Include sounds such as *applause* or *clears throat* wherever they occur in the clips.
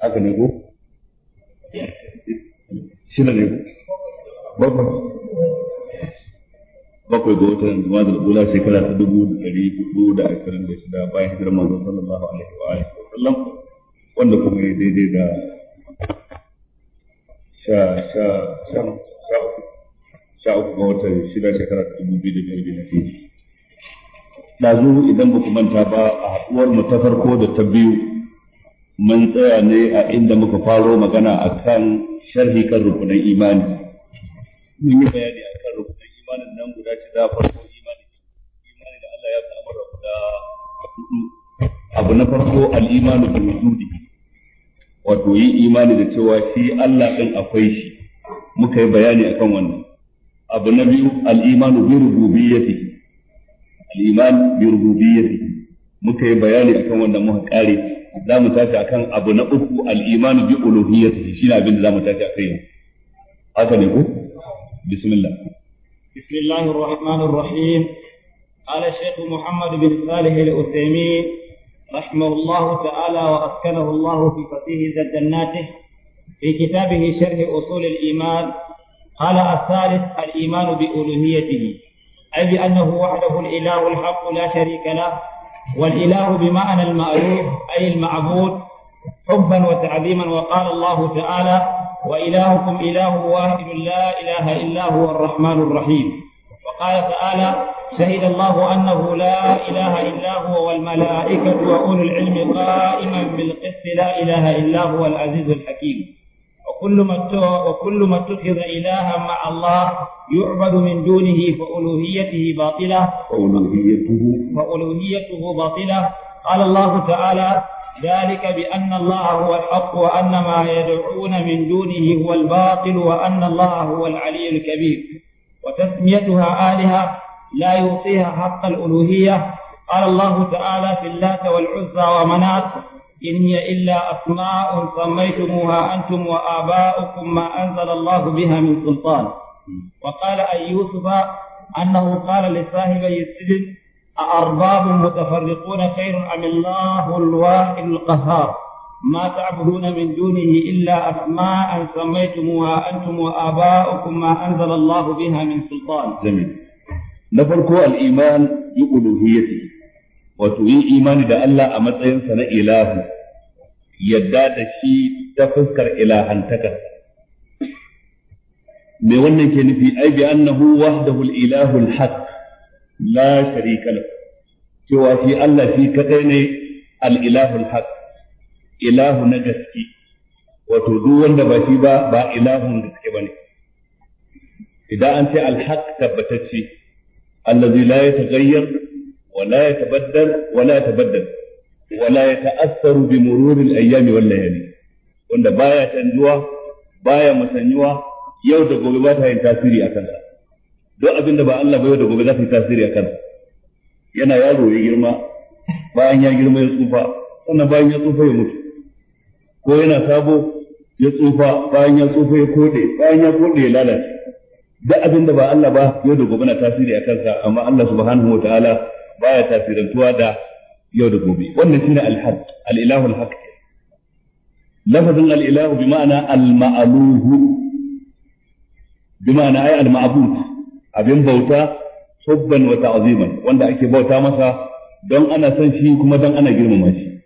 haka ne ko shi ne ko bakwai bakwai ga watan zuwa da gula shekara ta dubu da dari hudu da ashirin da shida bayan hijirar manzon sallallahu alaihi wa alihi wa sallam wanda kuma ya daidai da sha sha sha sha uku sha uku ga watan shida shekara ta dubu biyu da biyar biyu na fiye. Ɗazu idan ba ku manta ba a haɗuwar mu ta farko da ta biyu mun tsaya ne a inda muka faro magana a kan sharhi kan rukunan imani mun yi bayani a kan rukunan imanin nan guda ce za farko imani imani da Allah ya fi amara guda hudu abu na farko al'imanu da bi wujudi wato yin imani da cewa shi Allah ɗin akwai shi muka yi bayani a kan wannan abu na biyu al-imanu bi rububiyyati al bi rububiyyati muka yi bayani akan wannan muka kare za mu tashi a abu na uku al’imanu bi uluhiyyata shi ne abin da za mu tashi a kai yau. Haka ne ku? Bismillah. Bismillah ar rahim Ala Shaikh Muhammad bin Salih al-Utsaimi rahimahullah ta'ala wa askarahu Allah fi fatihi zajjannati fi kitabihi sharh usul al-iman qala as-salis al-iman bi uluhiyyatihi أي أنه وحده الإله الحق لا شريك له والإله بمعنى المألوف أي المعبود حبا وتعظيما وقال الله تعالى وإلهكم إله واحد لا إله إلا هو الرحمن الرحيم وقال تعالى شهد الله أنه لا إله إلا هو والملائكة وأولو العلم قائما بالقسط لا إله إلا هو العزيز الحكيم وكل ما وكل ما اتخذ إلها مع الله يعبد من دونه فألوهيته باطلة وألوهيته فألوهيته باطلة قال الله تعالى ذلك بأن الله هو الحق وأن ما يدعون من دونه هو الباطل وأن الله هو العلي الكبير وتسميتها آلهة لا يعطيها حق الألوهية قال الله تعالى في اللات والعزى ومنات in hiya illa asma'un sammaytumuha antum wa aba'ukum ma anzala Allah biha min sultan wa qala ayyusuf annahu qala li sahibi yusuf arbab mutafarriquna khayrun am Allah al-wahid al-qahhar ma ta'buduna min dunihi illa asma'an sammaytumuha antum wa aba'ukum ma anzala Allah biha min sultan jamil na farko al-iman yuquluhiyatihi wato yin imani da Allah a matsayinsa na ilahu yadda da shi ta fuskar ilahantaka me wannan ke nufi ai bi annahu wahdahu al-ilahu al-haq la sharika lahu cewa shi Allah shi kadai ne al-ilahu al-haq ilahu na gaske wato duk wanda ba shi ba ba ilahun gaske bane idan an ce al-haq tabbatacce allazi la yataghayyar ولا يتبدل ولا يتبدل ولا يتأثر بمرور الأيام والليالي wanda baya canjuwa baya musanyuwa yau da gobe ba ta yin tasiri a kansa duk abin da ba Allah ba yau da gobe za ta yi tasiri a kansa yana yaro ya girma bayan ya girma ya tsufa sannan bayan ya tsufa ya mutu ko yana sabo ya tsufa bayan ya tsufa ya kode bayan ya kode ya lalace duk abin da ba Allah ba yau da gobe na tasiri a kansa amma Allah subhanahu wataala baya tasirantuwa da yau da gobe wannan shine al-haq al-ilahu al-haq lafazin al bi ma'ana al-ma'luhu bi ma'ana ay al abin bauta hubban wa ta'ziman wanda ake bauta masa don ana son shi kuma don ana girmama shi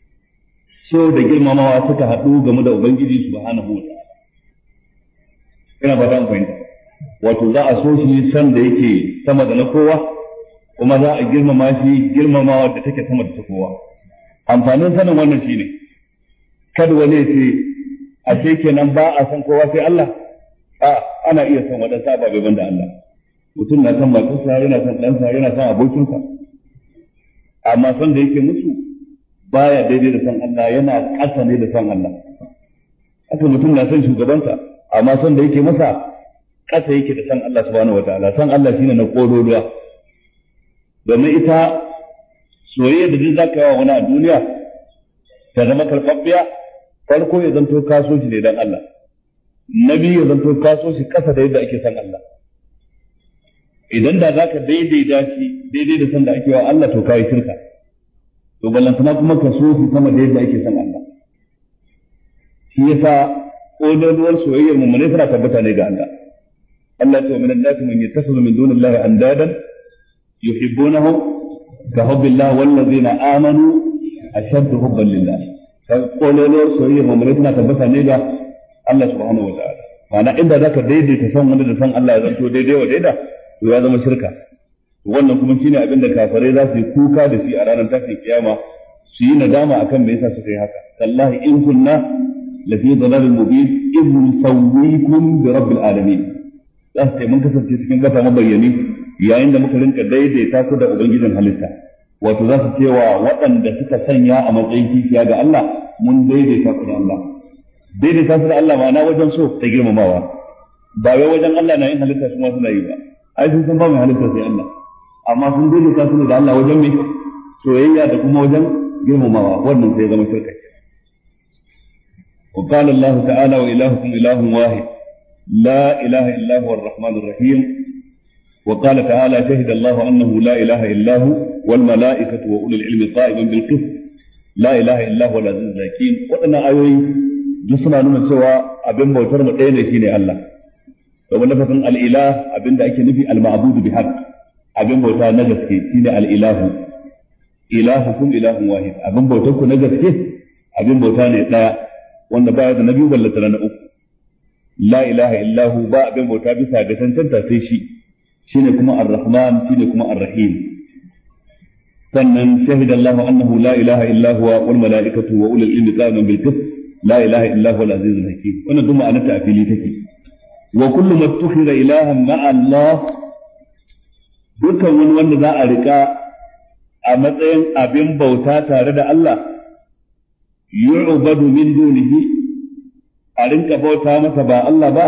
so da girmamawa suka haɗu game da ubangiji subhanahu wa ta'ala ina fata an fahimta wato za a so shi san da yake sama da na kowa kuma za a girmama shi girmamawa da take sama da ta kowa amfanin sanin wannan shi ne. kada wani ce ashe kenan ba a san kowa sai Allah a ana iya san saba bai banda Allah mutum na san matarsa yana san ɗansa yana san abokinsa amma san da yake musu baya daidai da san Allah yana ƙasa ne da san Allah haka mutum na san shugabansa amma san da yake masa ƙasa yake da san Allah subhanahu wataala san Allah shine na ƙololuwa domin ita soyayya da duk zaka yawa wani a duniya ta zama karfaffiya farko ya zanto kaso shi ne dan Allah na biyu ya zanto kaso shi kasa da yadda ake san Allah idan da za ka daidaita shi daidai da san da ake wa Allah to kai shirka to ballantana kuma kaso shi sama da yadda ake san Allah shi yasa ƙololuwar soyayyar mu ne tana tabbata ne ga Allah Allah ya ce wa minan nasi man yattakhidhu min dunillahi andadan yuhibbunahum ka hubbillah wallazina amanu ashaddu hubban lillah ka kololo soyayya mamare tana tabbata ne ga Allah subhanahu wa ma'ana inda zaka daidaita san wanda da san Allah ya zanto daidai wa daida to ya zama shirka wannan kuma shine abin da kafirai za su yi kuka da shi a ranar tashin kiyama su yi nadama akan me yasa suka yi haka tallahi in kunna la fi dhalalin mubin idh nusawwikum bi rabbil alamin za su mun kasance cikin gata mabayyani yayin da muka rinka daidaita su da ubangijin halitta wato za su cewa waɗanda suka sanya a matsayin kishiya ga Allah mun daidaita su da Allah daidaita su da Allah ma'ana wajen so ta girmamawa ba wai wajen Allah na yin halitta su ma suna yi ba ai sun san ba mai halitta sai Allah amma sun daidaita su da Allah wajen mai soyayya da kuma wajen girmamawa wannan sai zama shirka وقال الله تعالى وإلهكم إله واحد لا إله إلا هو الرحمن الرحيم وقال تعالى شهد الله أنه لا إله إلا هو والملائكة وأولو العلم قائما بالقسط لا إله إلا هو العزيز الحكيم وأنا أيوي جسنا نمن سوى أبن بوتر مدينة شيني الله ومن نفس الإله أبن دعك نفي المعبود بحق أبن بوتر نجسك شيني الإله إلهكم إله واحد أبن بوترك نجسك أبن بوتر لا وأن بعد نبي ولا ترى لا إله إلا هو با أبن بوتر بسا بسنتنتا سيشي shine kuma ar-rahman shine kuma ar sannan shahida Allahu la ilaha illa huwa wal malaikatu wa ulul ilmi qa'iman bil la ilaha illa huwa al-aziz wannan duk ma'anar take wa Allah dukkan wani wanda za a rika a matsayin abin bauta tare da Allah yu'badu min dunihi a rinka bauta masa ba Allah ba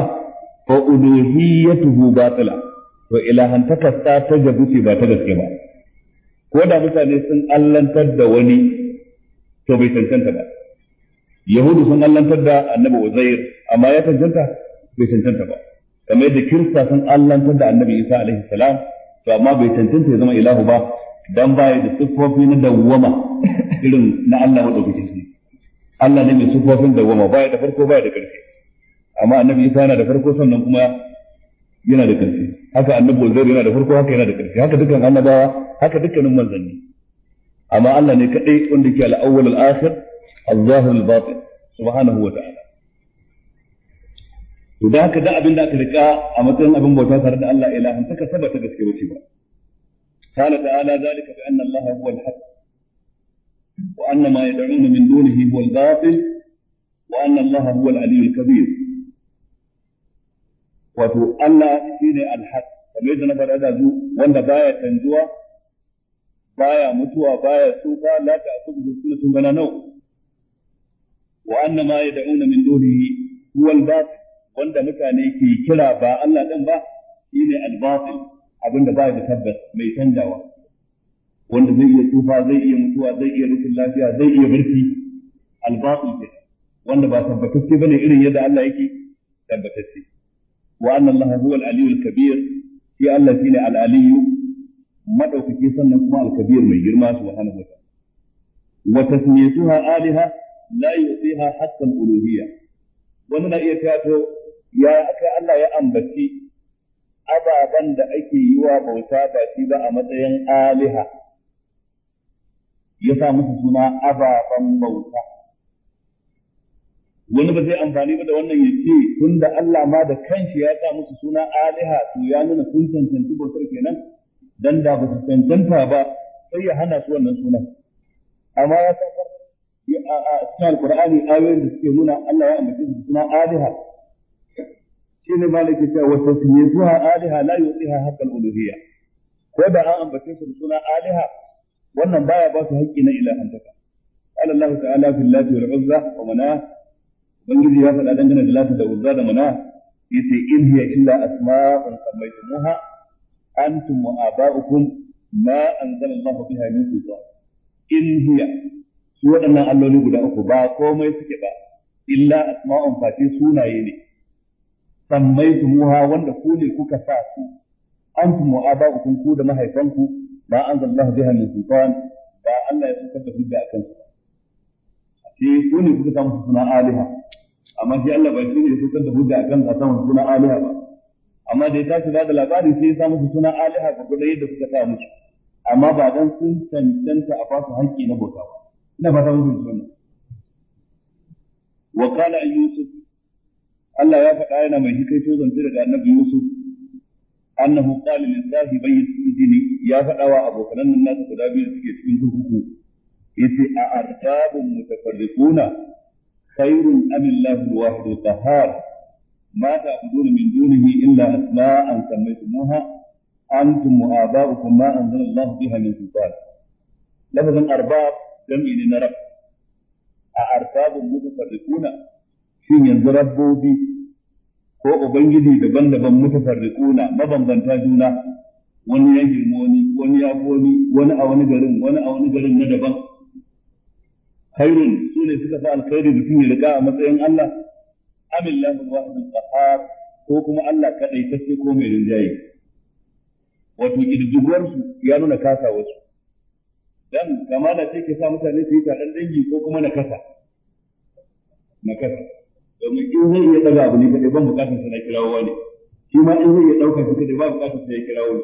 fa uluhiyatuhu batila to ilahantakar ta ta gabu ce ba ta gaske ba ko da mutane sun allantar da wani to bai cancanta ba yahudu sun allantar da annabi uzair amma ya cancanta bai cancanta ba kamar yadda kirista sun allantar da annabi isa alaihi salam to amma bai cancanta ya zama ilahu ba dan baya da siffofi na dawwama irin na Allah madaukakin sarki Allah ne mai siffofin dawwama baya da farko baya da ƙarshe amma annabi isa yana da farko sannan kuma yana da ƙarshe haka annabi zai yana da farko haka yana da ƙarfi haka dukkan annabawa haka dukkanin manzanni amma Allah ne kadai wanda ke al-awwal al-akhir al al-batin subhanahu wa ta'ala to da haka da abin da aka rika a matsayin abin bauta tare da Allah ilahan saka sabata gaske wuce ba ta'ala zalika bi anna Allah huwa al-haq wa anna ma هو min dunihi huwa al-batil wa anna Allah huwa al هو al-kabir wato Allah shi ne haq kamar yadda na faɗa da zu wanda baya canjuwa baya mutuwa baya tsufa la ta'khudhuhu sunatun bana nau. wa annama ma yad'una min dunihi huwa al-batil wanda mutane ke kira ba Allah din ba shi shine al-batil abinda baya da tabbas mai canjawa wanda zai iya tsufa zai iya mutuwa zai iya rufin lafiya zai iya barci al-batil wanda ba tabbatacce bane irin yadda Allah yake tabbatacce wa anna Allah huwa al-aliyyul shi Allah shine al-aliyyu madaukaki sannan kuma Alkabir mai girma subhanahu wa ta'ala wa tasmiyatuha alaha la yusiha hatta al wannan na iya tato ya Allah ya ambaci ababan da ake yiwa bauta ba ba a matsayin aliha ya sa musu suna ababan bauta wani ba zai amfani ba da wannan ya ce tun da Allah ma da kanshi ya sa musu suna aliha to ya nuna sun cancanci bautar kenan dan da ba su cancanta ba sai ya hana su wannan sunan amma ya sa a cikin alqur'ani ayoyin da suke nuna Allah ya ambace su suna aliha shine malaki ta wa tasmiyatuha aliha la yuqiha haqqal uluhiyya ko da an ambace su suna aliha wannan baya ba su haƙƙi na ilahantaka qala Allah ta'ala fil lati wal uzza wa manah ubangiji ya faɗa dangane da lata da uzza da mana yace in hiya illa asma'un sammaytumuha antum wa aba'ukum ma anzalallahu biha min sultan in hiya su waɗannan alloli guda uku ba komai suke ba illa asma'un fati sunaye ne sammaytumuha wanda ku ne kuka sa su antum wa aba'ukum ku da mahaifanku ba anzalallahu biha min sultan ba Allah ya saukar da hujja akan su ce ku ne kuka samu suna aliha amma shi Allah ba shi ne ya fitar da hujja akan sa samun suna aliha ba amma da ya tashi ba da labari sai ya sa musu suna aliha ga gudu da suka ta musu amma ba dan sun cancanta a ba hanki haƙƙi na bauta ba ina fata mun sunna wa qala yusuf Allah ya faɗa yana mai hikaito zance daga annabi yusuf annahu qala lil sahibi sujini ya faɗa wa abokan nan nasu guda biyu suke cikin kurkuku yace a arbabun mutafarriquna خير أم الله الواحد القهار ما تعبدون من دونه إلا أسماء سميتموها أنتم وآباؤكم ما أنزل الله بها من سلطان لفظ الأرباب جمع لنرب أأرباب متفرقون شين ينزل ربودي ko ubangiji daban-daban mutafarriquna mabambanta juna wani ya girmo wani ya wani wani a wani garin wani a wani garin na daban khairun su ne suka fi alkhairi da suke riga a matsayin Allah Amin amillahu wahidul qahhar ko kuma Allah kadai take ko mai rinjaye wato kididduguwar su ya nuna kasa wasu dan kamala ce ke sa mutane su yi taron dangi ko kuma na kasa na kasa domin in zai iya daga abu ne kadai ban bukatun sa na kirawo ne shi ma in zai iya dauka su, kadai ba bukatun sa ya kirawo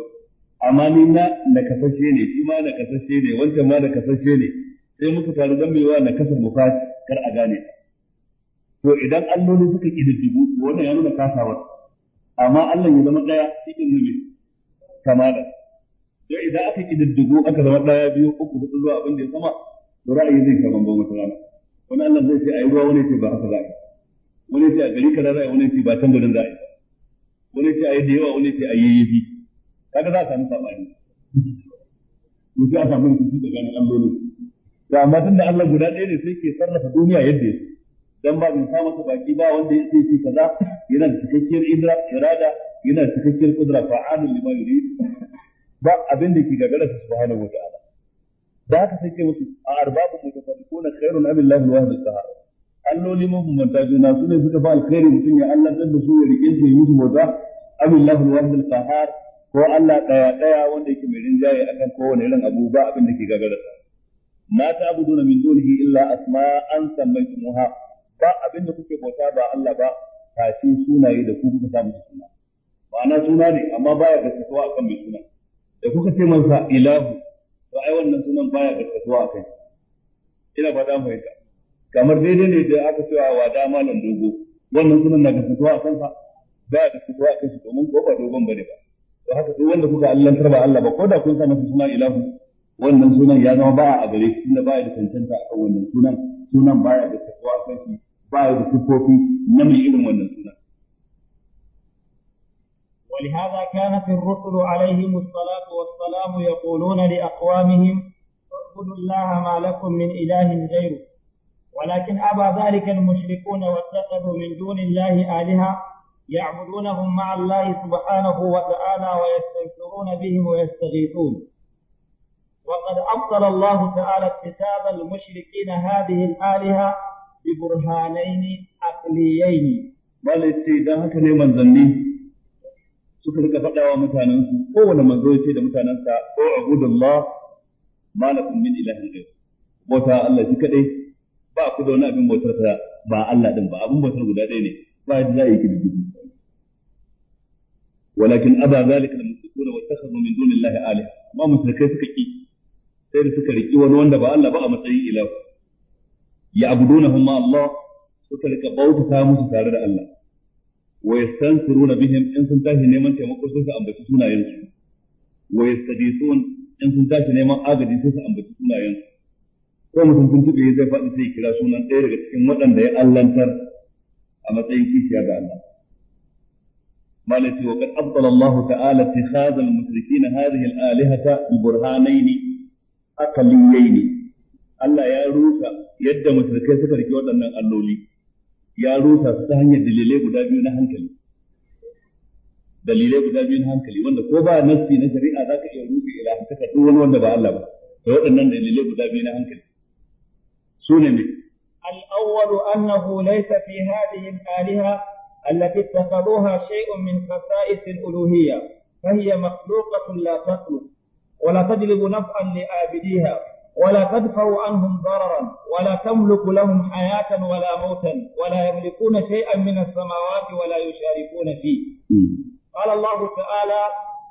amma ni na nakasashe ne shi ma na nakasashe ne wancan ma na nakasashe ne sai muka taru don mai wa na kasar mufati kar a gane to idan alloli suka kididdigu wannan ya nuna kasawar amma Allah ya zama daya cikin kama da to idan aka kididdigu aka zama daya biyu uku hudu zuwa abin da ya sama to ra'ayi zai ka ban wata rana wani Allah zai ce ayi ruwa wani ce ba haka ra'ayi wani ce a gari kada ra'ayi wani ce ba tambarin ra'ayi a yi wani ce ayi da yawa wani ce ayi yayi kaga za a samu sabani to sai a samu gani an alloli da amma da Allah guda ɗaya ne sai ke sarrafa duniya yadda ya dan ba bin masa baki ba wanda ya ce kaza yana da cikakkiyar idra irada yana da cikakkiyar kudura fa'alun lima yurid ba abin da ke gagara su subhanahu wa ta'ala da haka sai ke musu a arbabun mutafarriquna khairun am billahi wahdahu qahar alloli mabambanta juna su ne suka fa alkhairi mutum ya Allah da su ya rike shi musu bauta am billahi wahdahu qahar ko Allah daya daya wanda yake mai rinjaye akan kowane irin abu ba abin da ke gagara su ma ta'buduna min dunihi illa asma'an sammaytumuha ba abin da kuke bauta ba Allah ba kafin sunaye da kuka samu suna ma'ana suna ne amma baya kasuwa akan mai suna da kuka ce masa ilahu to ai wannan sunan baya kasuwa akan ina ba fata mu yadda kamar daidai ne da aka cewa wa da malam dogo wannan sunan na kasuwa akan sa baya a akan shi domin ko ba dogon bane ba to haka duk wanda kuka allantar ba Allah ba ko da kun sa masa suna ilahu wannan sunan ya zama baya a gare shi tunda baya da tantanta akan wannan sunan sunan baya da takwa kan shi baya da sifofi na mai irin wannan sunan ولهذا كانت الرسل عليهم الصلاة والسلام يقولون لأقوامهم اعبدوا الله ما لكم من إله غيره ولكن أبى ذلك المشركون واتخذوا من دون الله آلهة يعبدونهم مع الله سبحانه وتعالى ويستنكرون بهم ويستغيثون وقد أبطل الله تعالى اكتساب المشركين هذه الآلهة ببرهانين عقليين بل استيدان هكا ne manzanni suka rika faɗa wa mutanensu kowane manzo ya ce da mutanensa o abudullah ma lakum min ilahin ghayr bauta Allah shi kadai ba ku da wani abin bautar ta ba Allah din ba abin bautar guda ɗaya ne ba yadda za a yi kididdibi walakin aba zalika al-mushrikuna wa takhadhu min dunillahi alaha amma mushrikai suka ki sai da suka riki wani wanda ba Allah ba a matsayin ilahu ya abudunahum ma Allah suka rika bautata musu tare da Allah wa yastansiruna bihim in sun tashi neman taimako sai su ambaci sunayen su wa yastadisun in sun tashi neman agaji sai su ambaci sunayen su ko mutum sun tube zai faɗi sai kira sunan ɗaya daga cikin waɗanda ya allantar a matsayin kishiya ga Allah مالتي وقد أبطل الله تعالى اتخاذ المشركين هذه الآلهة ببرهانين ne. Allah ya rusa yadda mushrikai suka rike waɗannan alloli ya rusa su ta hanyar dalilai guda biyu na hankali dalilai guda biyu na hankali wanda ko ba nassi na shari'a za ka iya rusa ilahin ka duk wani wanda ba Allah ba da waɗannan dalilai guda biyu na hankali su ne ne الأول أنه ليس في هذه الآلهة التي اتخذوها شيء من خصائص الألوهية فهي مخلوقة لا تخلق ولا تجلب نفعا لآبديها ولا تدفع عنهم ضررا ولا تملك لهم حياة ولا موتا ولا يملكون شيئا من السماوات ولا يشاركون فيه قال الله تعالى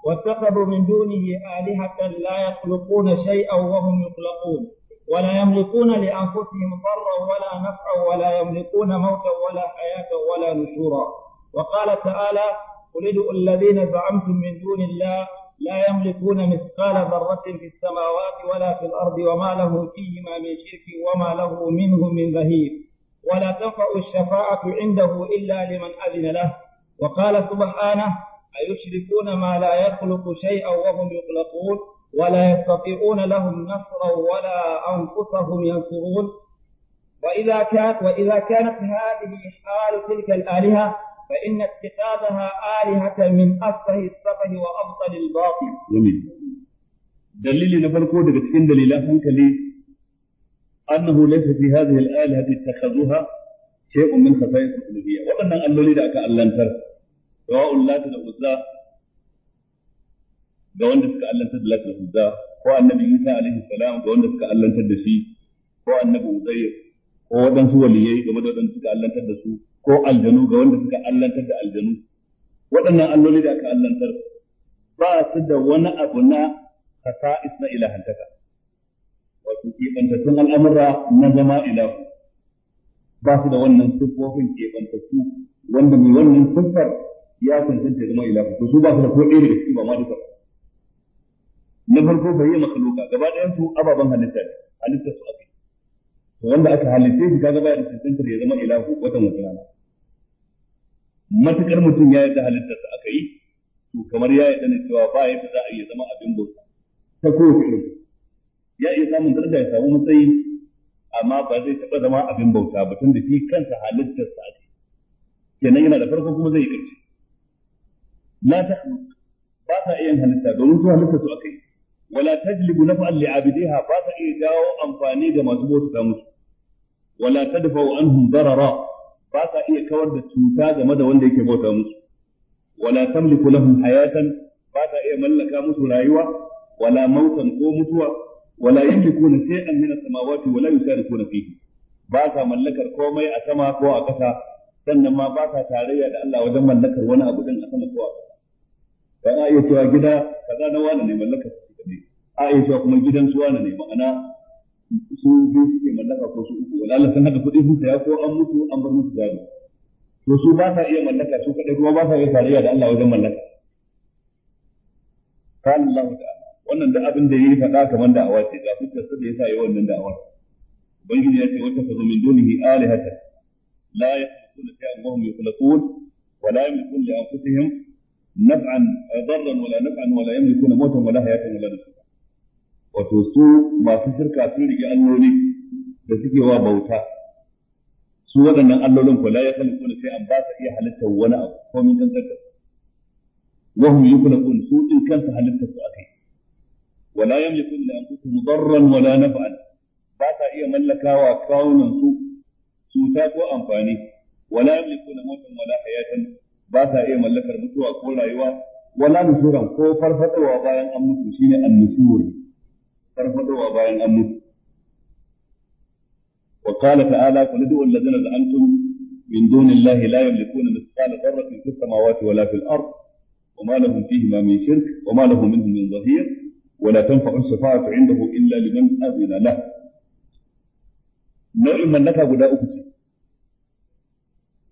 واتخذوا من دونه آلهة لا يخلقون شيئا وهم يخلقون ولا يملكون لأنفسهم ضرا ولا نفعا ولا يملكون موتا ولا حياة ولا نشورا وقال تعالى قل ادعوا الذين زعمتم من دون الله لا يملكون مثقال ذرة في السماوات ولا في الأرض وما له فيهما من شرك وما له منهم من ظهير ولا تنفع الشفاعة عنده إلا لمن أذن له وقال سبحانه أيشركون ما لا يخلق شيئا وهم يخلقون ولا يستطيعون لهم نصرا ولا أنفسهم ينصرون وإذا كانت وإذا كانت هذه حال تلك الآلهة فإن اتخاذها آلهة من أفه السفه وأفضل الباطل جميل دليل نفرقه دقى تكين دليل أنك لي أنه ليس في هذه الآلهة اتخذوها شيء من خصائص الألوهية وأن اللولي دعك ألانتر سواء اللات العزى ga wanda suka allantar da lafiyar hujja ko annabi Isa alaihi salam ga wanda suka allantar da shi ko annabi Uzair ko waɗansu waliyai game da waɗanda suka allantar da su ko aljanu ga wanda suka allantar da aljanu waɗannan alloli da aka allantar ba su da wani abu na hasa'is na ilahantaka wato keɓantattun al'amura na zama ilahu ba su da wannan siffofin keɓantattu wanda mai wannan siffar ya cancanta zama ilahu to su ba su da ko ɗaya da ciki ba ma duka na farko bai yi makaluka gaba ɗayan su ababen halitta halitta su aka wanda aka halitta shi kaga baya da cancantar ya zama ilahu watan wata rana matukar mutum ya yarda halitta sa aka yi to kamar ya yarda ne cewa ba yadda za a iya zama abin bauta ta kowace irin ya iya samun daraja ya samu matsayi amma ba zai taɓa zama abin bauta ba tun da shi kansa halittar sa ake kenan yana da farko kuma zai yi ƙarshe la ta ba sa iya halitta domin su halitta su aka yi wala tajlibu naf'an li'abidiha abidiha ba sa iya jawo amfani ga masu bauta musu wala tadfa'u anhum darara ba sa iya kawar da cuta game da wanda yake bauta musu wala tamliku lahum hayatan ba sa iya mallaka musu rayuwa wala mautan ko mutuwa wala yamlikuna shay'an min as-samawati wala na fihi ba sa mallakar komai a sama ko a ƙasa sannan ma ba sa tarayya da Allah wajen mallakar wani abu din a sama ko a ƙasa dan a iya cewa gida kaza na wani ne mallakar su ne, a iya cewa kuma gidan su wani ne ma'ana su biyu suke mallaka ko su uku wala sun hada kuɗi sun saya ko an mutu an bar musu gado to su ba sa iya mallaka su kadai kuma ba sa iya tarayya da Allah wajen mallaka kan Allah ta'ala wannan da abin da yayi faɗa kamar da awace ga fuskar sa da yasa yayi wannan da'awar ubangiji ya ce wata fa min dunihi alihata la yaquluna shay'an wa hum yaqulun wa la yamlikuna li anfusihim naf'an darran wala naf'an wala yamlikuna mautan wala hayatan wala nusur wato su masu shirka sun rike alloli da suke wa bauta su waɗannan allolin ko la ya kalku da sai an ba ta iya halitta wani abu ko min kan kanka wa hum yukhlaqun su din kansa halitta su akai wa la yamlikun li anfusihim darran wala la naf'an ba ta iya mallakawa kawunan su cuta ko amfani Wala la yamlikun mautan wa la hayatan ba ta iya mallakar mutuwa ko rayuwa wala nusuran ko farfadowa bayan an mutu shine an-nusur farfadowa bayan an mutu wa qala ta'ala qul du'u alladhina za'amtum min dunillahi la yamlikuna mithqala dharratin fis wata wala fil ard وما لهم فيهما من شرك وما له منهم من ظهير ولا تنفع inda عنده إلا لمن أذن له nau'in mallaka guda uku ce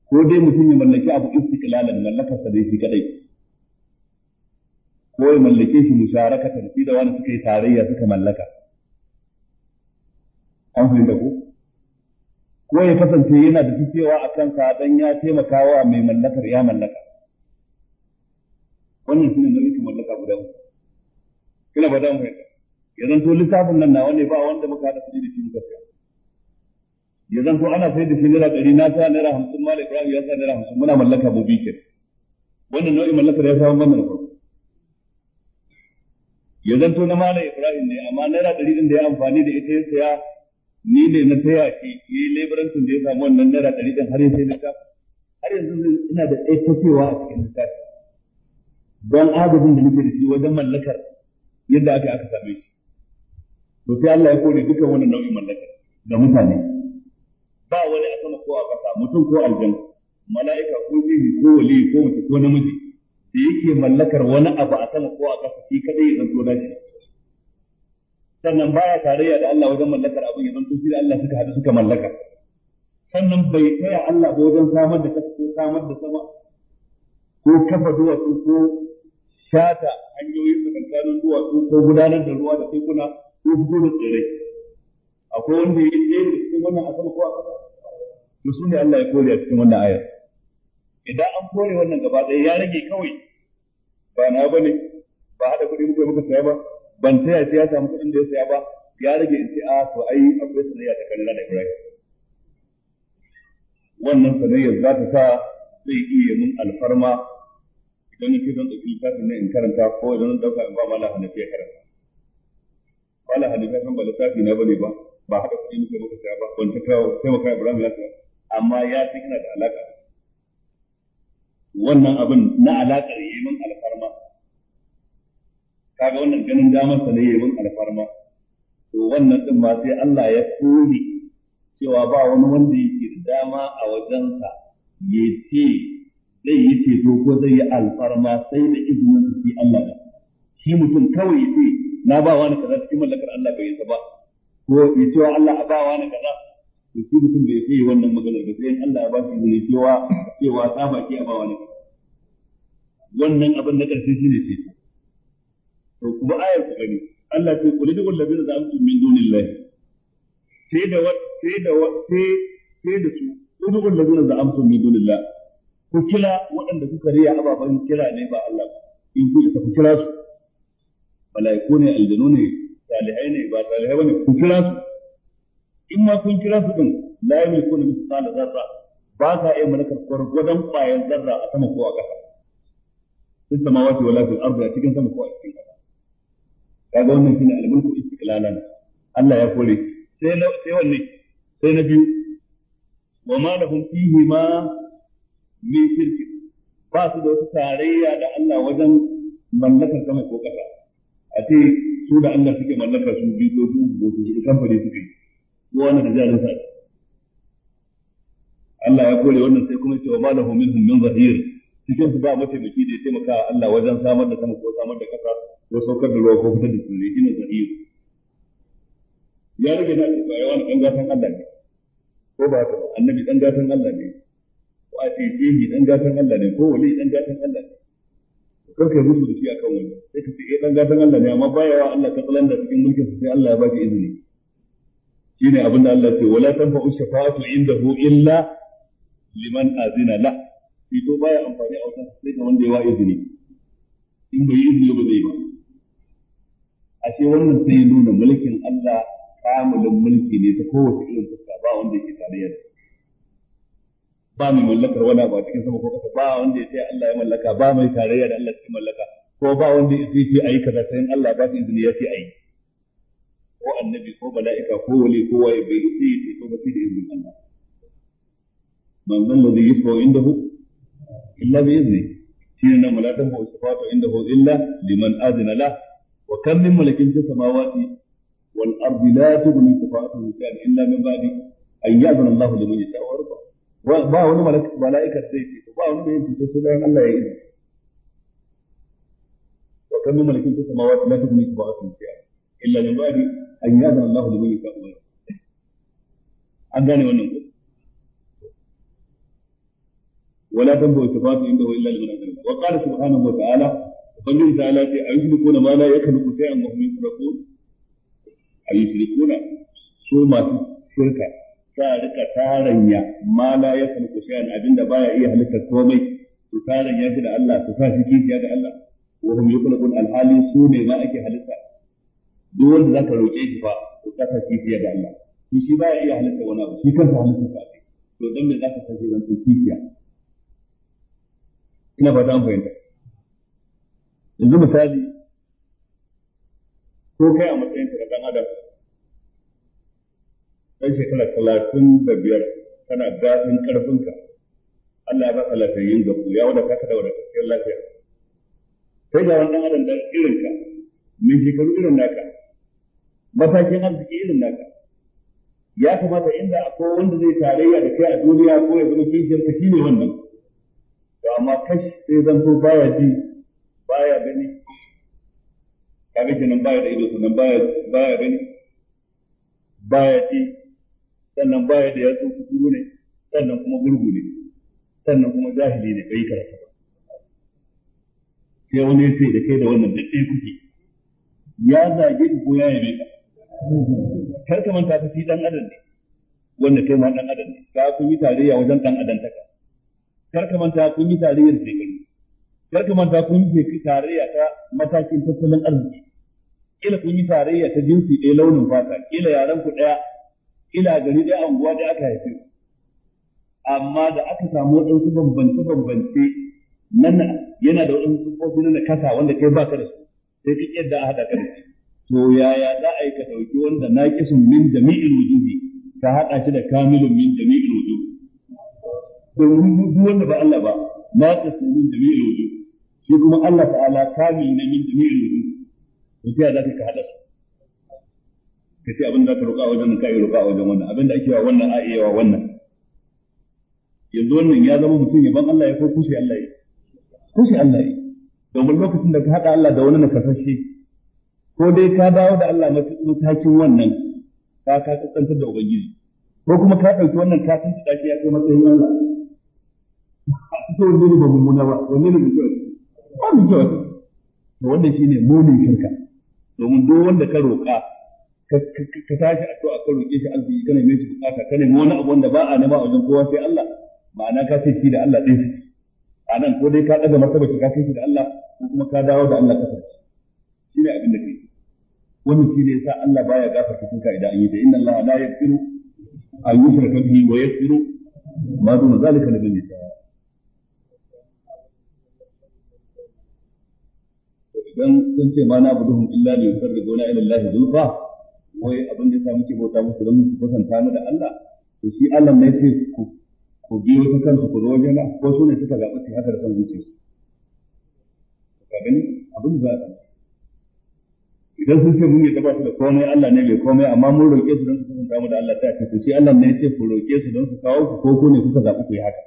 ko dai mutum ya mallaki abu istiqlalan mallaka sa dai shi kadai ko ya mallake shi musharakatan fi da wani suka yi tarayya suka mallaka an fahimta ko ko ya kasance yana da cewa a kansa dan ya taimakawa mai mallakar ya mallaka wannan da nau'ikan mallaka guda mu kina ba da mu yadda ya to lissafin nan na wani ba wanda muka haɗa kuɗi da shi muka saya ya to ana sai da shi naira ɗari na sa naira hamsin ma da ibrahim ya sa naira hamsin muna mallaka mu bikin wannan nau'in mallakar ya samu mana ya zanto na malam Ibrahim ne amma naira ɗari ɗin da ya amfani da ita ya saya ni ne na saya shi yi leburancin da ya samu wannan naira ɗari ɗin har ya sai littafi har yanzu ina da tsaitacewa a cikin littafi don agajin da nake da shi wajen mallakar yadda aka aka same shi to sai Allah ya kore dukkan wannan nau'in mallaka da mutane ba wani a sama ko a ƙasa mutum ko aljan mala'ika ko bibi ko wali ko mutum ko namiji da yake mallakar wani abu a sama ko a ƙasa shi kadai ya zanto na shi sannan baya tarayya da Allah wajen mallakar abin ya zanto shi da Allah suka haɗu suka mallaka sannan bai tsaya Allah ba wajen samar da kasa ko samar da sama ko kafa duwatsu ko shata hanyoyi tsakankanin duwatsu ko gudanar da ruwa da tekuna ko fito da tsirrai akwai wanda ya yi tsaye da cikin wannan a sama ko a ƙasa to su ne Allah ya kore a cikin wannan ayar idan an kore wannan gaba ɗaya ya rage kawai ba na ba ne ba haɗa kuɗi muka muka saya ba ban taya sai ya samu kuɗin da ya saya ba ya rage in ce a to ai akwai sanayya tsakanin da Ibrahim wannan sanayyar za ta sa zai iya mun alfarma idan nake zan ɗauki littafin ne in karanta ko idan zan ɗauka in ba mala hanafiya karanta mala hanafiya kan ba littafi na bane ba ba haɗa kuɗi muka muka saya ba ban ta taimaka Ibrahim ya saya amma ya fi ina da alaƙa da wannan abin na alaƙar yayin alfarma kaga wannan ganin damar sa ne yayin alfarma to wannan din ma sai Allah ya kore cewa ba wani wanda yake da dama a wajensa ya ce zai yi ceto ko zai yi alfarma sai da izinin su fi Allah ba shi mutum kawai ya ce na ba wani kaza cikin mallakar Allah bai yi ba ko ya ce wa Allah a ba wani kaza to shi mutum bai sai wannan maganar ba sai Allah ya ba shi ne cewa cewa tsafa ki a ba wani wannan abin na karshe shine ce to kuma ayar ku gani Allah ce kulli dukul ladina za'amtum min dunillahi sai da sai da sai sai da su dukul ladina za'amtum min dunillahi ku kira waɗanda kuka riya ababen kira ne ba Allah in ku isa ku kira su malaiku ne aljanu ne salihai ne ba salihai bane ku kira su in ma kun kira su din la yamlikuna da zarra ba sa iya mallakar gwargwadon kwayar zarra a sama ko a ƙasa sun sama wasu wala fil ardi a cikin sama ko a cikin ƙasa ga wannan shine al istiklalan Allah ya kore sai sai wanne sai na biyu wa ma lahum fihi ma min shirki ba su da wata tarayya da Allah wajen mallakar sama ko ƙasa a ce su da Allah suke mallaka su biyu ko su ko su kamfani suke yi ko wani da jarin sa Allah ya kore wannan sai kuma ce wa ma lahu minhum min zahir cikin su ba mataimaki da ya taimaka Allah wajen samar da sama ko samar da kasa ko saukar da ruwa ko fitar da tsirrai shine zahir ya rage na ba ya wani dan gatan Allah ne ko ba ta annabi dan gatan Allah ne ko a ce shehi dan gatan Allah ne ko wali dan gatan Allah ne kar kai musu da shi akan wannan sai ka ce eh dan gatan Allah ne amma baya wa Allah katsalan da cikin mulkin sai Allah ya ba shi izini shine abin da Allah ce wala tanfa'u shafa'atu indahu illa liman azina la Ito baya amfani a wajen sai ga wanda ya wa izini in bai izini ba zai ba ashe wannan sai nuna mulkin Allah kamulin mulki ne ta kowace irin fuska ba wanda yake tarayya da ba mai mallakar wani ba cikin sama ko kasa ba wanda ya ce Allah ya mallaka ba mai tarayya da Allah cikin mallaka ko ba wanda ya ce ayi kaza sai Allah ba shi izini ya ce ayi ko annabi ko mala'ika ko wali ko waye bai yi sai ko ba sai da izinin Allah man man ladhi yashfa indahu illa bi izni shine nan malatan ko sifatu indahu illa liman adna la wa kam min malakin fi samawati wal ardi la tughni shafa'atuhum shay'an illa min ba'di an ya'zana Allah liman yasha'u wa yarda ba wani mala'ikar sai ce ba wani da yake ce sai bayan Allah ya yi wa kan min malakin fi samawati la tughni shafa'atuhum shay'an illa min ba'di an ya'zana Allah liman yasha'u wa an gane wannan ko wala tanbu shafa'atu indahu illa liman azna wa qala subhanahu wa ta'ala ubangiji ta'ala ce ayyukuna ma la yakhluqu shay'an wa hum yukhlaqun ayyukuna su masu shirka sa rika taranya ma la yakhluqu shay'an abinda baya iya halitta komai su taranya shi da Allah su sa da Allah wa alhali su ne ma ake halitta duk wanda zaka roƙe shi fa to ka saki fiye da Allah to shi ba ya iya halitta wani abu shi kansa halitta ba kai to dan me zaka saki zan to kifiya ina fata an fahimta yanzu misali ko kai a matsayin ka dan adam dan shekara talatin da biyar kana daɗin ƙarfinka. Allah ya baka lafiyayyin gabu ya wadata ka da wadatacciyar lafiya kai da wani ɗan adam da irinka mai shekaru irin naka matakin arziki irin naka ya kamata inda akwai wanda zai tarayya da kai a duniya ko ya zama kishiyar ka shine wannan to amma kash sai zan zanto baya ji baya gani ga kenan baya da ido sannan baya baya gani baya ji sannan baya da yatsu kuturu ne sannan kuma gurgu ne sannan kuma jahili ne bai karatu ba sai wani ya ce da kai da wannan duk ɗaya kuke ya zage ku ko ya yabe ka kar ka manta ka fi dan adam ne wanda kai ma dan adam ne ka kun yi tarayya wajen dan adam taka kar ka manta kun yi tarayyar shekaru kar ka manta kun yi tarayya ta matakin tattalin arziki kila kun yi tarayya ta jinsi ɗaya launin fata kila yaran ku ɗaya kila gari ɗaya anguwa ɗaya aka haife ku amma da aka samu waɗansu bambance-bambance nan yana da waɗansu kofi na kasa wanda kai ba ka da su sai ka yadda a haɗa ka da to yaya za a yi ka ɗauki wanda naqisun min jami'il wujuhi ka haɗa shi da kamilun min jami'il wujuhi domin duk wanda ba Allah ba na naqisun min jami'il wujuhi shi kuma Allah ta'ala kamil ne min jami'il wujuhi to sai za ka haɗa su ka ce abin da ka roƙa wajen ka yi roƙa wajen wannan abin da ake wa wannan a iya wa wannan yanzu wannan ya zama mutum yaban Allah ya ko kushe Allah ya kushe Allah ya domin lokacin da ka haɗa Allah da wani nakasashe ko dai ka dawo da Allah matakin wannan ka ka kaskantar da ubangiji ko kuma ka ɗauki wannan ka tuntu da ya kai matsayin Allah ita *laughs* wanne ne ba mummuna ba wanne ne mai kyau ba mai kyau wannan shine munin shirka domin duk wanda ka roƙa ka tashi a a kan roƙe shi arziki kana mai bukata kana mai wani abu wanda ba a nema a wajen kowa sai Allah ma'ana ka ce shi da Allah ɗin shi a nan ko dai ka ɗaga martaba shi ka kai shi da Allah ko kuma ka dawo da Allah ka wannan shi ne yasa Allah baya gafarta ka idan an yi ta inna Allah la yaghfiru an yushraka bihi wa yaghfiru ma dun zalika la yasha idan kun ce ma na buduhum illa li yusarrifuna ila Allah zulfa wai abin da yasa muke bauta musu don musu kusanta mu da Allah to shi Allah ne sai ku ku biyo ta kansu ku zo na, ko su ne suka zaɓi su haka da son zuciyarsu ka gani abin da za a idan sun ce mun yi ba da komai Allah ne bai komai amma mun roƙe su don su kusanta mu da Allah ta ce shi Allah ne ce ku roƙe su don su kawo ku ko ku ne kuka zaɓi ku yi haka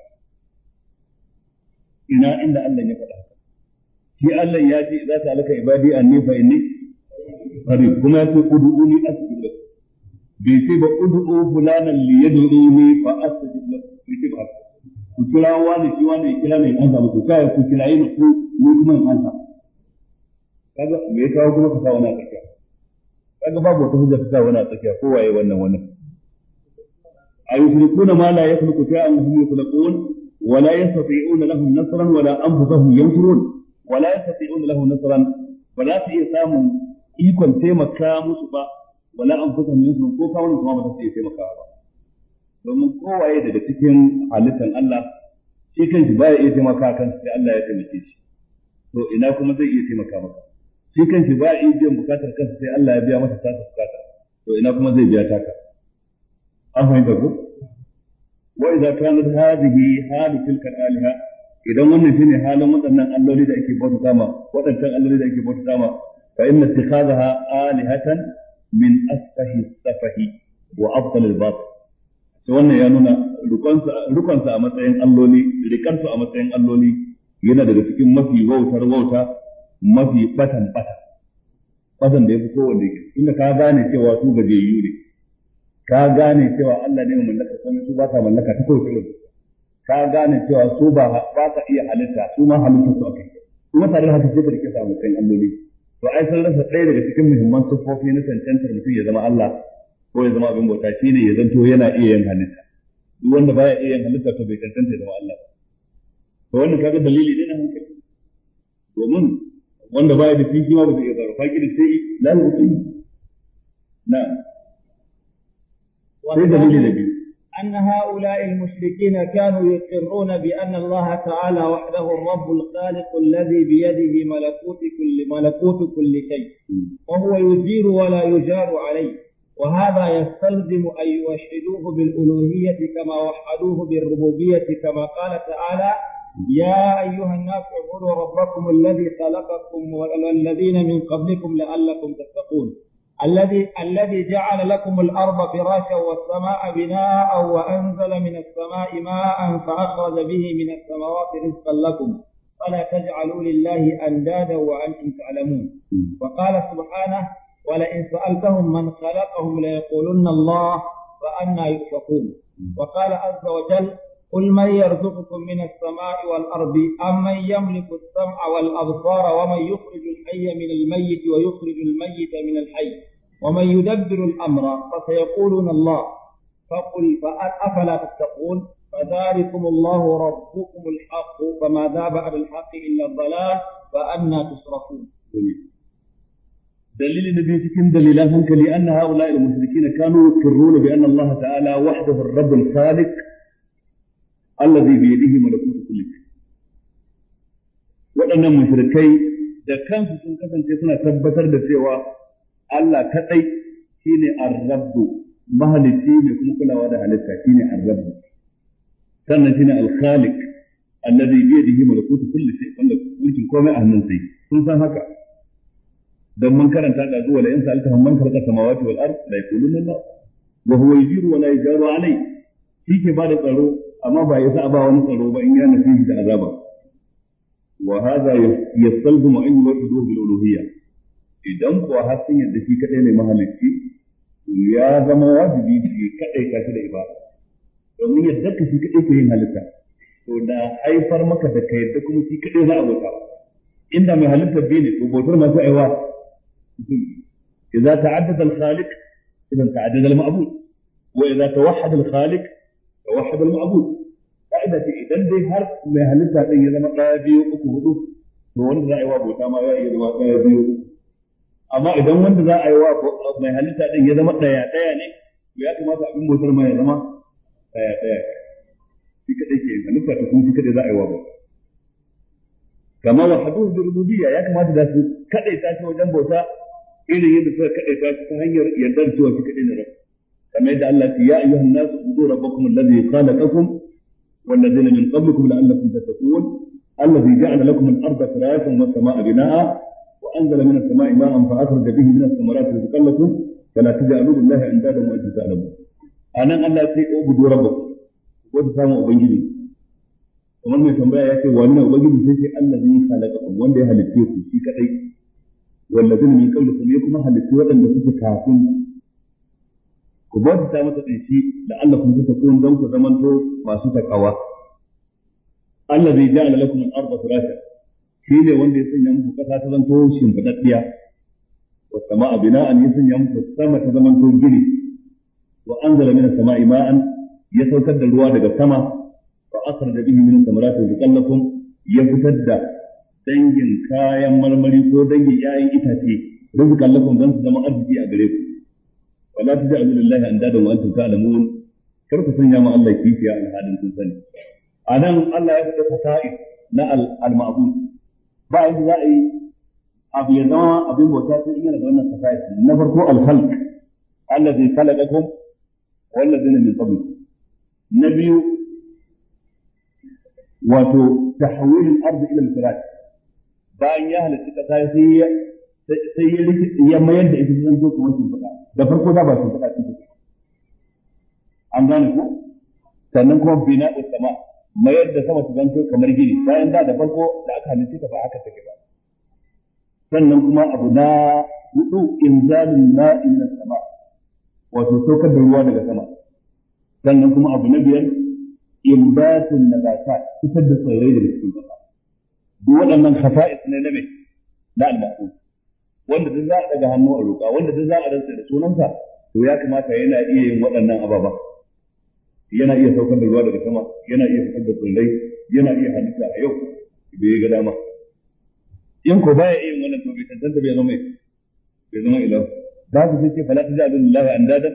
ina inda Allah ya faɗa haka shi Allah ya ce za ta alaka ibadi anni fa inni qarib kuma ya ce ud'uni astajib lakum bai ce ba ud'u fulanan li yad'uni fa astajib lakum bai ce ba ku kira wani shi wani kira ne an zaɓi ku kai ku kira yin ku ni kuma an zaɓi kaga me ya kawo kuma ka sa wani tsakiya kaga babu wata hujja ka sa wani tsakiya ko waye wannan wannan ayushrikuna ma la yakhluqu shay'an wa hum yakhluqun wa la yastati'una lahum nasran wa la anfusahum yansurun wa la yastati'una lahum nasran ba za su iya samun ikon taimaka musu ba wala anfusahum yansurun ko kawunan su ma ba za su taimakawa ba domin kowaye daga cikin halittan Allah shi kanshi baya iya taimaka kan sai Allah ya taimake shi to ina kuma zai iya taimaka maka shi kanshi ba iya biyan bukatar kansa sai Allah ya biya masa tasa bukata to ina kuma zai biya taka an fahimta ko wa idza kanat hadhihi halu tilka alaha idan wannan shine halin waɗannan alloli da ake bauta sama waɗannan alloli da ake bauta sama fa inna ittikhadaha alihatan min asfahi safahi wa afdal al-batil sai wannan ya nuna rukansa a matsayin alloli rikansu a matsayin alloli yana daga cikin mafi wautar wauta mafi batan bata bazan da ya fi kowanne inda ka gane cewa su gajiyayyu ne ka gane cewa Allah ne mai mallaka kuma su ba ka mallaka ta kawai ka gane cewa su ba ba ka iya halitta su ma halitta su akai kuma tare da haka sai ka rike samu kan alloli to ai sun rasa ɗaya daga cikin muhimman siffofi na cancantar mutum ya zama Allah ko ya zama abin bauta shine ya zanto yana iya yin halitta duk wanda baya iya yin halitta to bai cancanta ya zama Allah ba to wannan kaga dalili ne na hankali domin wanda baya da shi shi ma ba zai iya zaro faki da sai la ya wuce na sai dalili na biyu أن هؤلاء المشركين كانوا يقرون بأن الله تعالى وحده الرب الخالق الذي بيده ملكوت كل ملكوت كل شيء وهو يجير ولا يجار عليه وهذا يستلزم أن يوحدوه بالألوهية كما وحدوه بالربوبية كما قال تعالى يا أيها الناس اعبدوا ربكم الذي خلقكم والذين من قبلكم لعلكم تتقون الذي الذي جعل لكم الأرض فراشا والسماء بناء وأنزل من السماء ماء فأخرج به من الثمرات رزقا لكم فلا تجعلوا لله أندادا وأنتم تعلمون وقال سبحانه ولئن سألتهم من خلقهم ليقولن الله فأنا يؤفقون وقال عز وجل قل من يرزقكم من السماء والأرض أم من يملك السمع والأبصار ومن يخرج الحي من الميت ويخرج الميت من الحي ومن يدبر الأمر فسيقولون الله فقل أفلا تتقون فذلكم الله ربكم الحق ذاب عن الحق إلا الضلال فأنا تصرفون دليل النبي تكن دليلا لأن هؤلاء المشركين كانوا يقرون بأن الله تعالى وحده الرب الخالق Allah allazi bi yadihi malakutu kulli shay waɗannan mushrikai da kansu sun kasance suna tabbatar da cewa Allah kadai shine ar-rabb mahalicci ne kuma kulawa da halitta shine ar-rabb sannan ne al-khaliq allazi bi yadihi malakutu kulli shay wanda mulkin komai a hannun sai sun san haka don mun karanta da zuwa la in sa'alta man khalaqa samawati wal ard la yaquluna Allah wa huwa yujiru wa la yujaru alayhi shi ke bada tsaro amma ba ya sa ba wani tsaro ba in ya nufi da azaba wa hadha yastalzimu an yuwaddu bil uluhiyya idan ko har sun yadda shi kadai ne mahalicci ya zama wajibi shi kadai ka shi da ibada domin yadda ka shi kadai ke yin halitta to da haifar maka da ka yadda kuma shi kadai za a bauta inda mai halitta biyu ne to bautar masu aiwa idza ta'addada al-khaliq idan ta'addada al-ma'bud wa idza tawahhada al-khaliq tawahhad al-ma'bud ka'ida ce idan dai har mai halitta din ya zama daya biyu uku hudu to wanda za a yi wa bauta ma ya iya zama daya biyu amma idan wanda za a yi wa halitta din ya zama daya daya ne to ya kamata abin bautar ma ya zama daya daya shi kadai ke halitta ta kuma shi kadai za a yi wa bauta kama wa hadu da rububiyya ya kamata da su kadai ta shi wajen bauta irin yadda suka kadai ta shi ta hanyar yardar cewa shi kadai na rabu kamar yadda Allah ya ayyuhan nasu ubudu rabbakum alladhi khalaqakum والذين من قبلكم لعلكم تتقون الذي جعل لكم الارض فراشا والسماء بناء وانزل من السماء ماء فاخرج به من الثمرات رزقا لكم فلا تجعلوا لله اندادا وانتم تعلمون anan Allah sai ubudu rabbakum ko ta kamar mai tambaya ya ce wannan ubangiji sai ce Allah zai halaka ku wanda ya halitte ku shi kadai wallazina min qablikum ya kuma halitta waɗanda suke kafin ku bauta masa din da Allah kun ta kun dan ku zamanto masu takawa Allah zai ja'ala lakum al-ardha firasha shi ne wanda ya sanya muku ƙasa ta zanto shimfidaddiya wa sama'a bina'an ya sanya muku sama ta zamanto gini wa anzala minas sama'i ma'an ya saukar da ruwa daga sama fa akhraja bihi min thamarati rizqan lakum ya fitar da dangin kayan marmari ko dangin 'ya'yan itace rizqan lakum dan su zama arziki a gare ku فلا تجعلوا لله اندادا وانتم تعلمون كركو سن ما الله يكفي يا هذا انتم سن انا الله يفتح فتائف لا المعبود بعد ذلك أبي نوى أبي موسى سيئة لأن الصفائف نفرقوا الخلق الذي خلقكم والذين من قبلكم نبي وتحويل الأرض إلى الفراش بأن يهل الثقة sai ya riki ya mayar da ita zan zo kuma shi faɗa. da farko da ba faɗa fada shi an gane ko sannan kuma bina da sama mayar da sama su zanto kamar gini bayan da da farko da aka halitta ta ba haka take ba sannan kuma abu na hudu inzalul ma'i na sama wato saukar da ruwa daga sama sannan kuma abu na biyar na gasa, fitar da tsirrai daga cikin ƙasa duk waɗannan khasa'is ne na mai na al wanda duk za a daga hannu a roƙa wanda duk za a rantsa da sunansa to ya kamata yana iya yin waɗannan ababa yana iya saukar da ruwa daga sama yana iya fitar da tsirrai yana iya halitta a yau ya ga dama in ko baya iya yin wannan to bai tantance bai zama bai zama ilahu babu sai ce fala taj'alu lillahi andada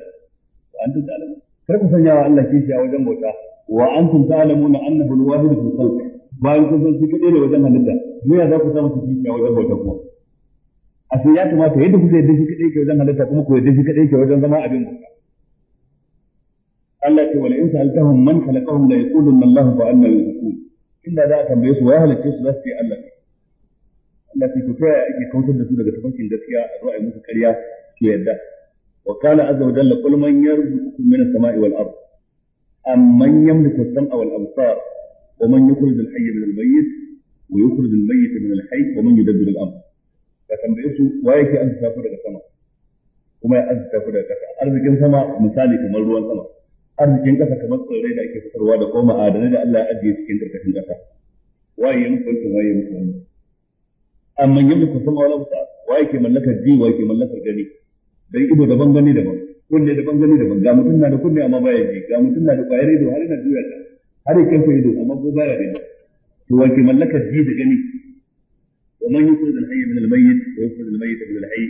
wa antum ta'lamu kar ku sanya wa Allah kishi a wajen bauta wa antum ta'lamuna annahu al-wahid fi khalqi khalq bayan kun san shi kadai ne wajen halitta me ya za ku samu kishi a wajen bauta kuma a sai ya kamata yadda kuka yadda shi kadai ke wajen halitta kuma ku yadda shi kadai ke wajen zama abin bauta Allah ce wala in sa'altahum man khalaqahum la yaqulunna Allah fa anna yusifun inda za a tambaye su wai halitta su za su ce Allah Allah ce ku ta yaya ake kautar da su daga tafarkin gaskiya a zo a yi musu ƙarya su yadda wa qala azza wa jalla qul man yarzuqukum min as-sama'i wal ard amman yamliku as-sam'a wal absar ومن يخرج الحي من الميت ويخرج الميت من الحي ومن يدبر الامر ka tambaye su yake ke ta ku daga sama kuma ya ta ku daga ƙasa arzikin sama misali kamar ruwan sama arzikin ƙasa kamar tsirrai da ake fitarwa da koma adana da Allah ya ajiye cikin ƙarƙashin ƙasa Wa ya muku wa waye ya muku wannan amma yin muku sama wala mutu wa ke mallakar ji wa ke mallakar gani dan ido daban gani daban kunne daban gani daban ga mutum na da kunne amma baya ji ga mutum na da ƙwayar ido har yana juya ta har yake kai ido amma ko baya gani to wa yake mallakar ji da gani ومن يخرج الحي من الميت ويخرج الميت من الحي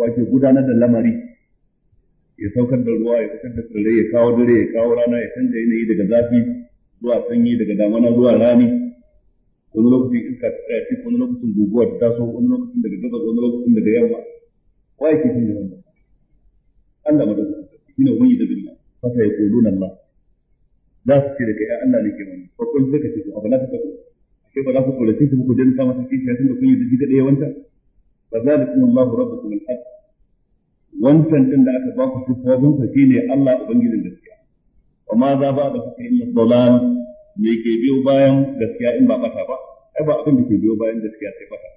wa ke gudanar da lamari ya saukar da ruwa ya fitar da tsirrai ya kawo dare ya kawo rana ya canza yanayi daga zafi zuwa sanyi daga rani wani lokacin iska ta tsaya wani lokacin guguwa ta taso wani lokacin daga gabas wani lokacin daga yamma wa yake cin da wannan Allah madaukakin shine wani yudabbiru fa sai yaquluna Allah za su ce daga ya Allah ne ke wani ko kun zaka ce to abu na ta ko ke ba za ku kula su ku dan ta masa kici tun da kun yi da shi kada Ba za fa zalikum Allah rabbukum al-haq wancan din da aka ba ku sufofin sa ne Allah ubangijin gaskiya wa ma za ba da kuka illa dalal me ke biyo bayan gaskiya in ba bata ba ai ba abin da ke biyo bayan gaskiya sai bata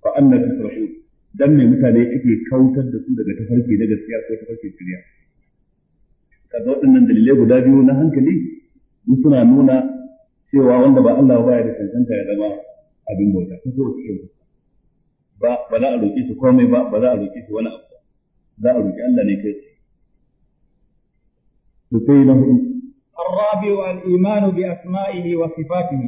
fa anna tusrafun dan ne mutane ake kautar da su daga tafarki na gaskiya ko tafarki shirya kaga waɗannan dalilai guda biyu na hankali duk suna nuna cewa wanda ba Allah ba ya da cancanta ya zama abin bauta ta kowace irin ba ba za a roƙe shi komai ba ba za a roƙe shi wani abu ba za a roƙi Allah ne kai to sai na hudu الرابع الإيمان بأسمائه وصفاته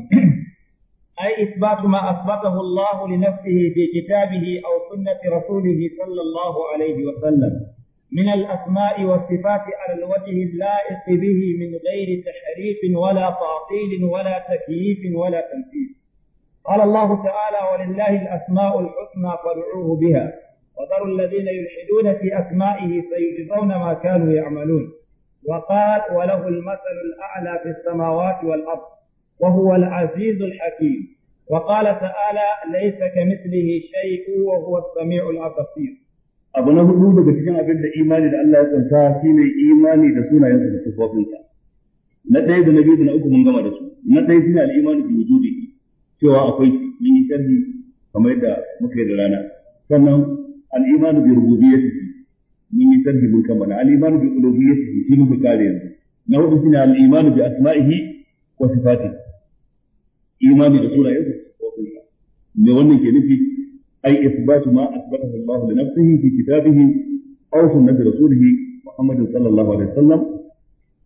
أي إثبات ما أثبته الله لنفسه في كتابه أو سنة رسوله صلى الله عليه وسلم من الأسماء والصفات على الوجه اللائق به من غير تحريف ولا تعطيل ولا تكييف ولا تمثيل قال الله تعالى ولله الأسماء الحسنى فادعوه بها وذروا الذين يلحدون في أسمائه فيجزون ما كانوا يعملون وقال وله المثل الأعلى في السماوات والأرض وهو العزيز الحكيم وقال تعالى ليس كمثله شيء وهو السميع البصير abu na hudu daga cikin abin da imani da Allah ya kunsa shine imani da sunayensa da sifofinsa na ɗaya da na biyu da na uku mun gama da su na ɗaya shine al-imanu bi wujudi cewa akwai mun yi sharhi kamar yadda muka yi da rana sannan al-imanu bi rububiyyati mun yi sharhi mun kammala al-imanu bi uluhiyyati shi muka kare yanzu na hudu shine al-imanu bi asma'ihi wa sifatihi imani da sunayensa da sifofinsa me wannan ke nufi أي إثبات ما أثبته الله لنفسه في كتابه أو سنة رسوله محمد صلى الله عليه وسلم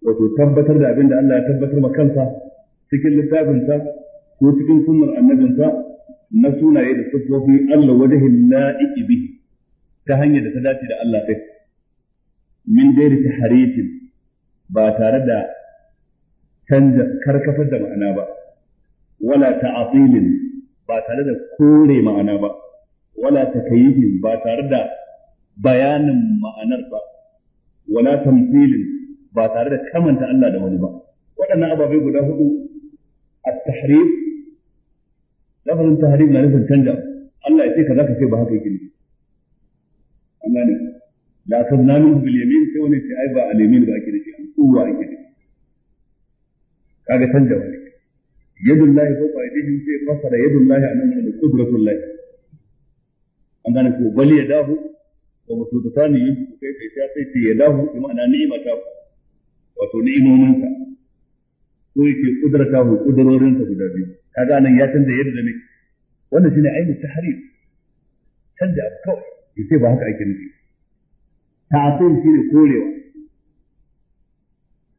وتتبتر لأبين لأن لا يتبتر مكانسا cikin littafinsa ko cikin sunnar annabinsa na sunaye da siffofi Allah wajahin la'iqi bihi ta hanyar da ta dace da Allah kai min gairi taharifin ba tare da canza karkatar da ma'ana ba wala ta'atilin ba tare da kore ma'ana ba wala takayifin ba tare da bayanin ma'anar ba wala tamthilin ba tare da kamanta Allah da wani ba waɗannan ababe guda hudu at-tahrif lafazin tahrif na nufin canja Allah ya ce kaza ka ce ba haka yake ne an gane la akhadna minhu bil yamin sai wani ce ai ba al yamin ba ake nufi an kuwa ake nufi kaga canja wani yadullahi fawqa aydihim sai fasara yadullahi anan da qudratullahi an gane ko bali ya dahu ko ta sani yin ko kai kai ta sai ce ya dahu bi ma'ana ni'ima ta wato ni'imomin ka ko yake kudrata hu kudurorin ka guda biyu kaga nan ya canza yadda ne wannan shine ainihin tahrir canza abu kawai yace ba haka ake nufi ta'asir shine korewa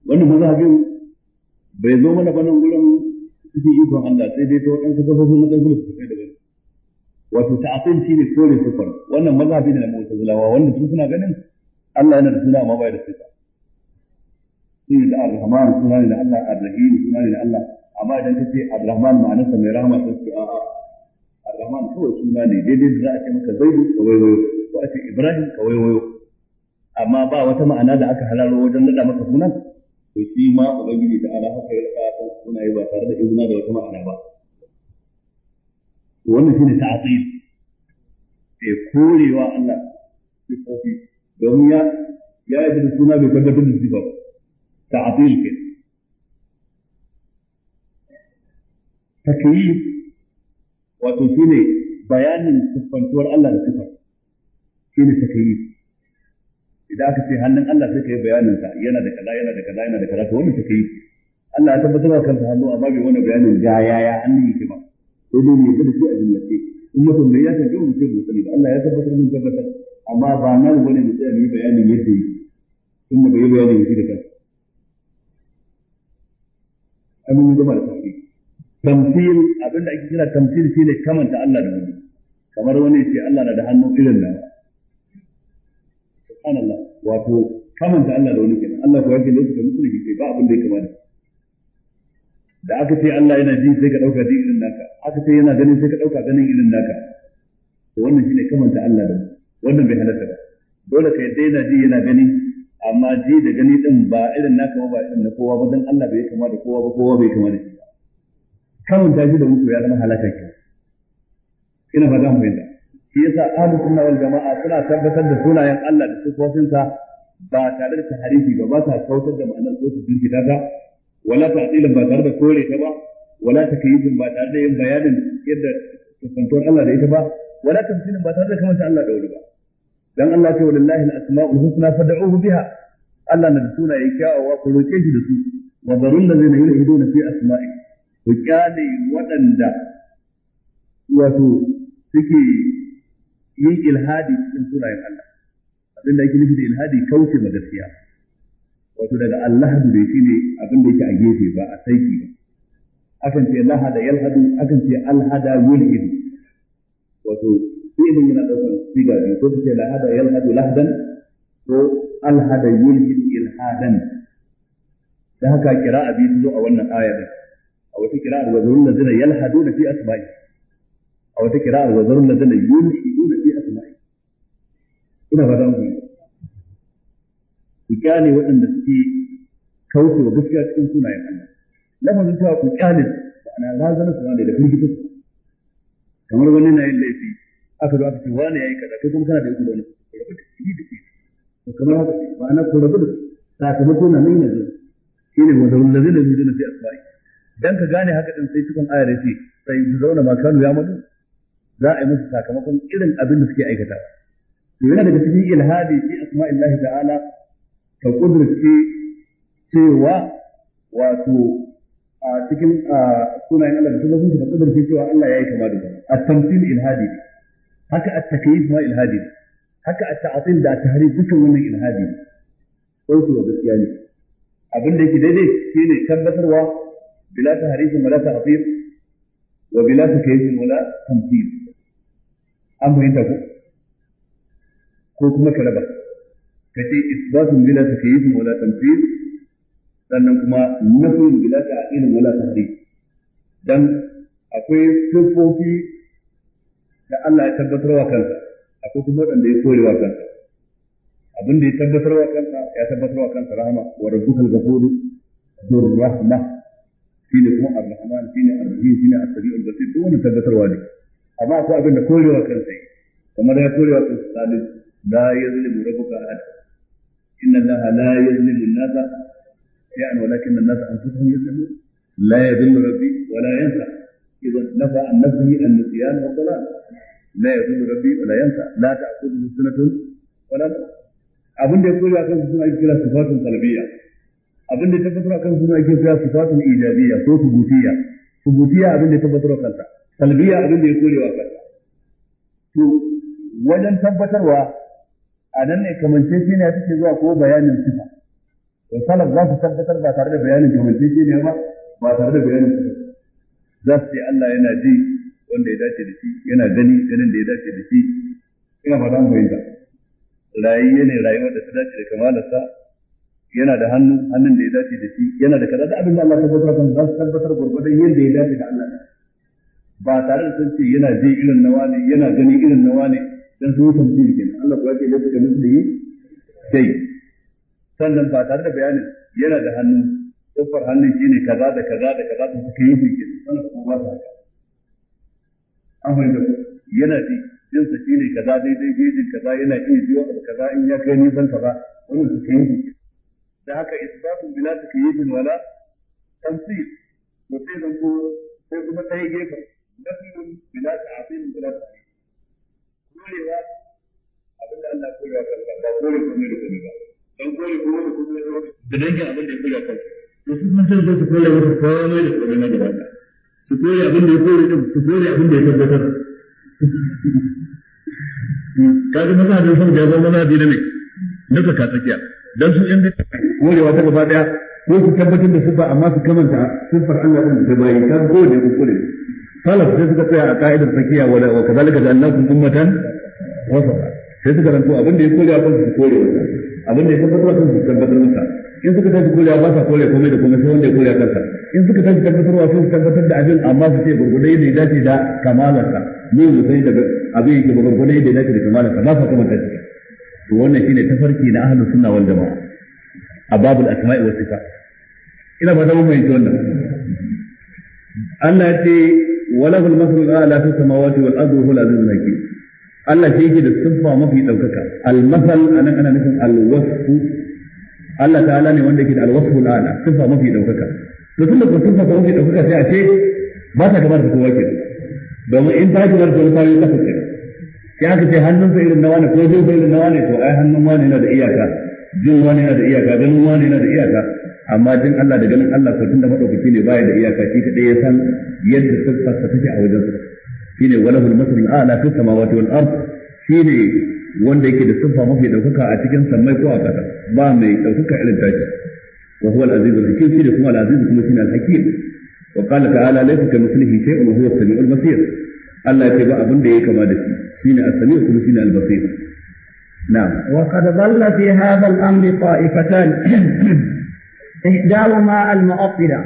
wannan ba za mazhabin bai zo mana ba nan gurin cikin ikon Allah sai dai ta waɗansu kafofin na ɗansu da suka kai da wato ta'til shine kore sifar wannan mazhabi ne na mu'tazilawa wanda su suna ganin Allah yana da suna amma bai da sifa sai da ar suna ne da Allah ar suna ne da Allah amma idan ka ce ar-rahman ma'anar sa mai rahama sai ce a'a ar-rahman kawai suna ne daidai da za a ce maka zaidu ka waiwayo ko a ce ibrahim ka waiwayo amma ba wata ma'ana da aka halalo wajen nada maka sunan to shi ma ubangiji ta ala haka ya rika sunaye ba tare da izina da wata ma'ana ba wannan shi ne ta ta'zim sai korewa Allah sifofi don ya ya yi da suna bai tabbatar da Ta ta'zim ke yi wato shi ne bayanin siffantuwar Allah da ta shine yi idan aka ce hannun Allah sai ka yi bayanin sa yana da kaza yana da kaza yana da kaza to wannan yi Allah ya tabbatar da kansa hannu amma bai wani bayanin ga yaya hannun yake ba sai dai mai kada shi a jumlace in mutum ne ya tafi mu ce mu sani Allah ya tabbatar mun tabbatar amma ba na bane mu tsaya yi bayanin yadda yi da bai yi bayanin yadda da kansa amma mun gaba da tafi tamthil abinda ake kira tamthil shine kamanta Allah da wani kamar wani ce Allah na da hannu irin nan subhanallah wato kamanta Allah da wani kenan Allah ko yake lokacin mutum ne ba abin da ya kamata da aka ce Allah yana ji sai ka dauka ji aka ce yana ganin sai ka ɗauka ganin irin naka to wannan shine kamanta Allah da wannan bai halatta ba dole ka yadda yana ji yana gani amma ji da gani din ba irin naka ba irin na kowa ba dan Allah bai kama da kowa ba kowa bai kama da shi ba kamanta shi da mutu ya zama halaka ke ina ba zan fahimta shi yasa ahlus sunna wal jamaa suna tabbatar da sunayen Allah da sifofinsa ba tare da tahrifi ba ba ta kautar da ma'anar ko su dinki daga wala ta'dilan ba tare da kore ta ba wala takyifin ba tare da yin bayanin yadda kasantuwar Allah da ita ba wala tamthilin ba tare da kamanta Allah da wuri ba dan Allah ce walillahi al-asma'ul husna fad'uhu biha Allah na da sunaye kyawawa ku roke shi da su wa da zai yulhiduna fi asma'i ku kyale waɗanda wato suke yin ilhadi cikin sunayen Allah abin da ake nufi da ilhadi wato daga Allah da ne abin da yake a gefe ba a saiki ba akan ce lahada yalhadu akan ce alhada yulhidu wato fi'ilin yana daukar siga biyu ko ce lahada yalhadu lahdan ko alhada yulhidu ilhadan da haka kira biyu zo a wannan ayar a wata kira kira'ar wa zarul ladina yalhaduna fi asma'i a wata kira kira'ar wa zarul ladina yulhiduna fi asma'i ina ba fata mu ku kyale waɗanda suke kauce wa gaskiya cikin sunayen Allah lafazin cewa ku kyalin ma'ana razana su wane da firgita kamar wani na yin laifi aka zo aka ce wane ya yi kaza kai kuma kana da yanzu da wani ku rabu da shi da shi to kamar haka ma'ana ku rabu da sakamako na nan yanzu shi ne wanda wanda zai da zuwa na fi asba'i dan ka gane haka din sai cikin ayar yace sai su zauna ma kanu ya mutu za a yi musu sakamakon irin abin da suke aikatawa to yana daga cikin ilhadi fi asma'illahi ta'ala ka kudurce cewa wato a cikin sunayen Allah da sun da kudurce cewa Allah ya yi kama da at-tamthil ilhadi haka a takyif ma ilhadi haka a tatil da tahrif dukkan wannan ilhadi sai wa gaskiya ne abin da yake daidai shine tabbatarwa bila tahrif wala ta'til wa bila takyif wala tamthil an bayyana ko ko kuma ka raba kace isbatun bila takyif wala tamthil sannan kuma nafi gida ta aqidin wala tahdi dan akwai sifofi da Allah ya tabbatar wa kansa akwai kuma wanda ya kore wa kansa abin da ya tabbatar wa kansa ya tabbatar wa kansa rahama wa rabbukal ghafuru dur rahma shine kuma ar-rahman shine ar-rahim shine as-sami'ul basir duk wannan wa ne amma akwai abin da kore wa kansa kamar ya kore wa kansa salis mu rabu rabbuka ahad inna allaha la yazlimu an-nasa شيئا ولكن الناس انفسهم يظلمون لا يذل ربي ولا ينسى اذا نفى عن نفسه النسيان والضلال لا يذل ربي ولا ينسى لا تاخذه سنه ولا نوم abin da ya koya kan suna kira sifatun salbiya abin da ya tabbatar kan suna kira sifatun ijabiya ko subutiya subutiya abin da ya tabbatar kansa salbiya abin da ya korewa kansa to wajen tabbatarwa a nan ne kamance shi ne take zuwa ko bayanin sifa Eh, salaf za su tabbatar ba tare da bayanin kamantacce ne ba ba tare da bayanin su za su ce Allah yana ji wanda ya dace da shi yana gani ganin da ya dace da shi ina ba dan fahimta rayuwa ne rayuwar da ta dace da kamalarsa yana da hannu hannun da ya dace da shi yana da kaza da abin da Allah ta tabbatar kan za su tabbatar gurgurdan yadda ya dace da Allah ba tare da sun ce yana ji irin nawa ne yana gani irin nawa ne dan su wutan ji Allah ko ya ce da su da yi sai sannan ba tare da bayanin yana da hannu kofar hannun shine kaza da kaza da kaza da suka yi fiye sannan kuma ba sa haka an fahimta ko yana ji jinsa shine kaza daidai gejin kaza yana iya jiwa abu kaza in ya kai nisan kaza wannan suka yi fiye da haka isbatun bila suka yi fiye wala tamsil to sai zan ko sai kuma ta yi gefen nafiyun bila ta asin bila ta yi korewa abinda Allah korewa kan ba kore kome da kome ba da dangin abin da ya kula kai to su kuma sai su kore wasu komai da komai na gaba su kore abin da ya kore din su kore abin da ya tabbatar *laughs* kaga mazhabin sun ga zama mazhabi ne na tsaka tsakiya dan su inda korewa ta gaba daya ko su tabbatar da siffa amma su kamanta siffar Allah din da bayi kan ko ne kuskure salaf sai suka tsaya a ka'idar tsakiya wala wa kazalika ja'alnakum ummatan wasata sai suka rantu abin da ya kore a kansu su kore wasa abin da ya tabbatar a kansu su tabbatar masa in suka tashi kore ba sa kore komai da komai sai wanda ya kore a kansa in suka tashi tabbatar sai su tabbatar da abin amma su ce gurgurda yadda ya dace da kamalarsa ne mu sai da abin yake ba gurgurda yadda ya dace da kamalarsa ba sa kamanta shi to wannan shine tafarki na ahlus sunna wal jamaa a babul asma'i was sifat ina ba da mun fahimci wannan Allah ya ce walahul masrul a'la fi samawati wal ardi wa huwal azizul hakim Allah shi yake da siffa mafi ɗaukaka al-masal anan ana nufin al-wasfu Allah ta'ala ne wanda yake da al-wasfu ala siffa mafi ɗaukaka to tunda ko siffa sa mafi ɗaukaka sai ashe ba ta kamar da kowa ke domin in ta kamar da ta yi kasa ce sai aka ce hannunsa irin na wani ko jin irin na wani to ai hannun wani yana da iyaka jin wani yana da iyaka ganin wani yana da iyaka amma jin Allah da ganin Allah ko tun da madaukaki ne ba ya da iyaka shi kadai ya san yadda siffarsa take a wajensa shine walahu al masr al-a'la fi samawati wal ard shine wanda yake da siffa mafi daukaka a cikin sammai ko a ƙasa ba mai daukaka irin tashi wa huwa al-aziz al-hakim shine kuma al-aziz kuma shine al-hakim wa qala ta'ala laysa ka mithlihi shay'un wa huwa as-sami'ul basir Allah ya ce ba abin da yake kama da shi shine as-sami' kuma shine al-basir na'am wa qad نعم وقد ظل في هذا الأمر طائفتان al-mu'attila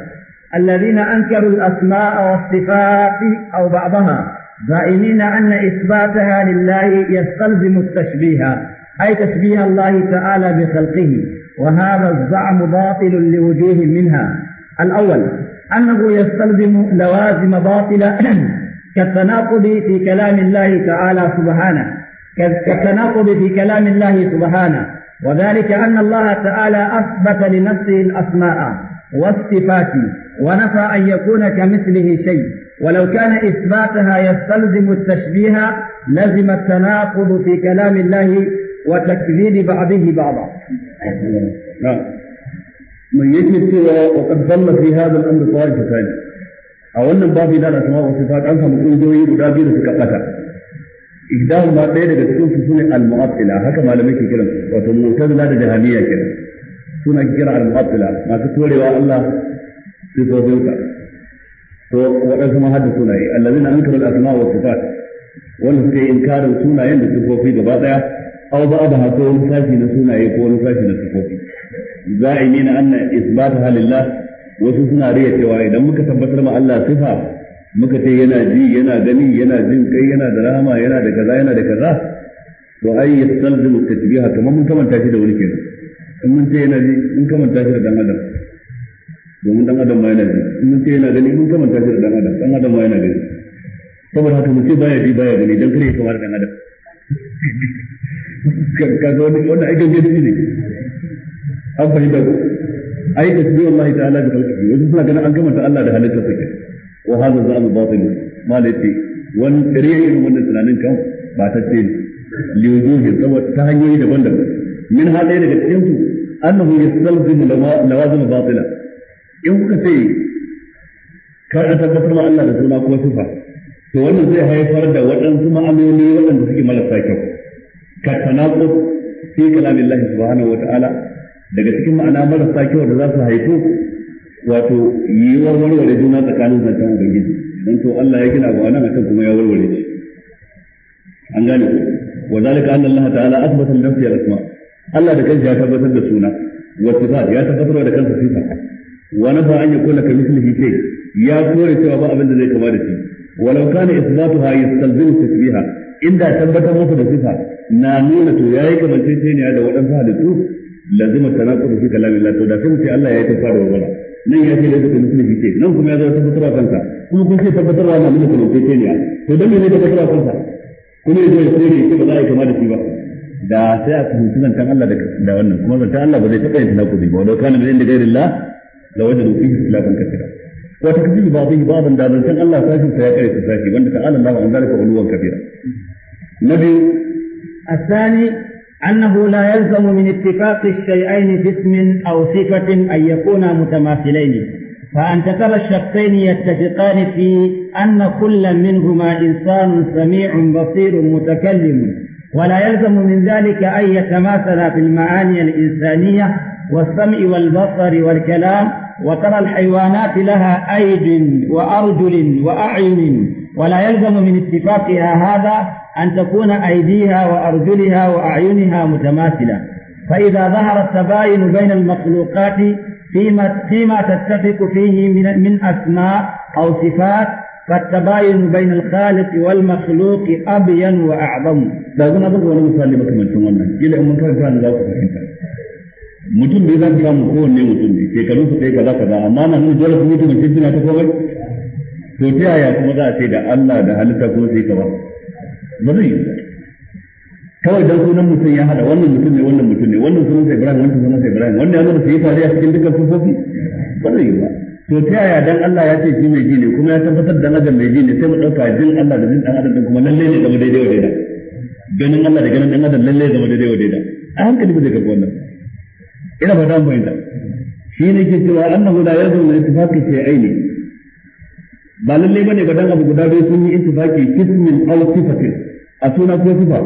الذين أنكروا الأسماء والصفات أو بعضها زائمين أن إثباتها لله يستلزم التشبيه أي تشبيه الله تعالى بخلقه وهذا الزعم باطل لوجوه منها الأول أنه يستلزم لوازم باطلة *clears throat* كالتناقض في كلام الله تعالى سبحانه كالتناقض في كلام الله سبحانه وذلك أن الله تعالى أثبت لنفسه الأسماء والصفات ونفى أن يكون كمثله شيء ولو كان إثباتها يستلزم التشبيه لزم التناقض في كلام الله وتكذيب بعضه بعضا نعم من يجد سوى وقد ظل في هذا الأمر طائفة ثانية أو أن الباب إلى الأسماء والصفات أنسى مقول دوي ودابي لسك قتا إقدام ما بين بسكون سفون المعطلة هكا ما لم يكن كلام وتموتد لا جهنية كلام سنة كرا المعطلة ما سكولي الله سفو بيوسك To waɗansu ma hadda sunaye allazina ankaru al-asma wa sifat wanda suka yi inkarin sunayen da sifofi gaba daya aw ba'daha ko wani sashi na sunaye ko wani sashi na sifofi za'imina anna isbataha halillah wasu suna riya cewa idan muka tabbatar ma Allah sifa muka ce yana ji yana gani yana jin kai yana da rahama yana da kaza yana da kaza to ai yastalzimu tashbiha kamar mun kamanta shi da wani kenan in mun ce yana ji mun kamanta shi da dan adam domin dan adam ma yana ji in ce yana gani mun kama shi da dan adam dan adam ma yana gani saboda haka mun ce baya ji baya gani dan kare kamar dan adam *laughs* Ka kaga wannan ai gangan ne an fahimta ko ai tasbihu Allah ta'ala da khalqihi wasu suna ganin an ta Allah da halitta take wa hadha za'al batil malati wani tsariya irin wannan tunanin kan ba ta ce liwujuhi saboda ta hanyoyi daban-daban min ha ɗaya daga cikin su annahu yastalzimu lawazim batila in kuka ce ka tabbatar ma Allah da suna ko sifa to wannan zai haifar da waɗansu ma'anoni waɗanda suke marasa kyau ka tanaqud fi kalamillahi subhanahu wata'ala daga cikin ma'ana marasa kyau da za su haifu wato yi warware juna tsakanin zancen ubangiji don to Allah ya gina ba nan a can kuma ya warware shi an gane ku wa zalika anna Allah ta'ala asbata li nafsihi al-asma Allah da kansa ya tabbatar da suna wa sifat ya tabbatar da kansa sifa wani nafa an yakuna ka mislihi shay ya kore cewa ba abin da zai kama da shi walau kana isbatuha yastalzimu tashbiha inda tabbatar masa da sifa na nuna to yayi kamar kamanceceniya da waɗansu halittu lazima tanaqud fi kalami Allah to da sai ce Allah ya yi tafa da wala nan ya ce laifin musulmi ce nan kuma ya zama tabbatarwa kansa kuma kun ce tabbatarwa na nuna kamanceceniya to dan ne ne tabbatarwa kansa kuma ya zo ya kore ya ba za a yi kama da shi ba da sai a fahimci zancen Allah da wannan kuma zancen Allah ba zai taɓa yin tanakudi ba wadau kana min inda gairin Allah لوجدوا فيه اختلافا كثيرا وتكذيب بعضه بعضا دابا بل كان الله فاشل فيا فاشل وان تعالى الله عن ذلك علوا كبيرا نبي الثاني أنه لا يلزم من اتفاق الشيئين في اسم أو صفة أن يكونا متماثلين فأنت ترى الشخصين يتفقان في أن كل منهما إنسان سميع بصير متكلم ولا يلزم من ذلك أن يتماثلا في المعاني الإنسانية والسمع والبصر والكلام وترى الحيوانات لها أيد وأرجل وأعين ولا يلزم من اتفاقها هذا أن تكون أيديها وأرجلها وأعينها متماثلة فإذا ظهر التباين بين المخلوقات فيما, فيما تتفق فيه من, من أسماء أو صفات فالتباين بين الخالق والمخلوق أبين وأعظم. لا أقول أظن ولا مصلي بكم أنتم ولا إلا أم كان لا فهمت. mutum ne za ka samu kowanne mutum ne shekaru su ɗaya kaza kaza amma na nuna dole su mutum ne suna ta komai to ta yaya kuma za a ce da Allah da halitta kuma sai ka ba ba zai yi kawai dan sunan mutum ya hada wannan mutum ne wannan mutum ne wannan sunan sai Ibrahim wannan sunan sai Ibrahim wannan yana sai fare a cikin dukkan sufofi ba zai yi ba to ta yaya dan Allah ya ce shi mai ji ne kuma ya tabbatar da nagar mai ji ne sai mu dauka jin Allah da jin dan adam kuma lalle ne zama daidai wa daidai ganin Allah da ganin dan adam lalle zama daidai wa daidai a hankali ba zai karbi wannan ina fata mu fahimta shi ne ke cewa annahu la yalzamu ittifaqi shay'ain ba lalle bane ba dan abu guda biyu sun yi ittifaqi ismin aw sifatin a suna ko sifa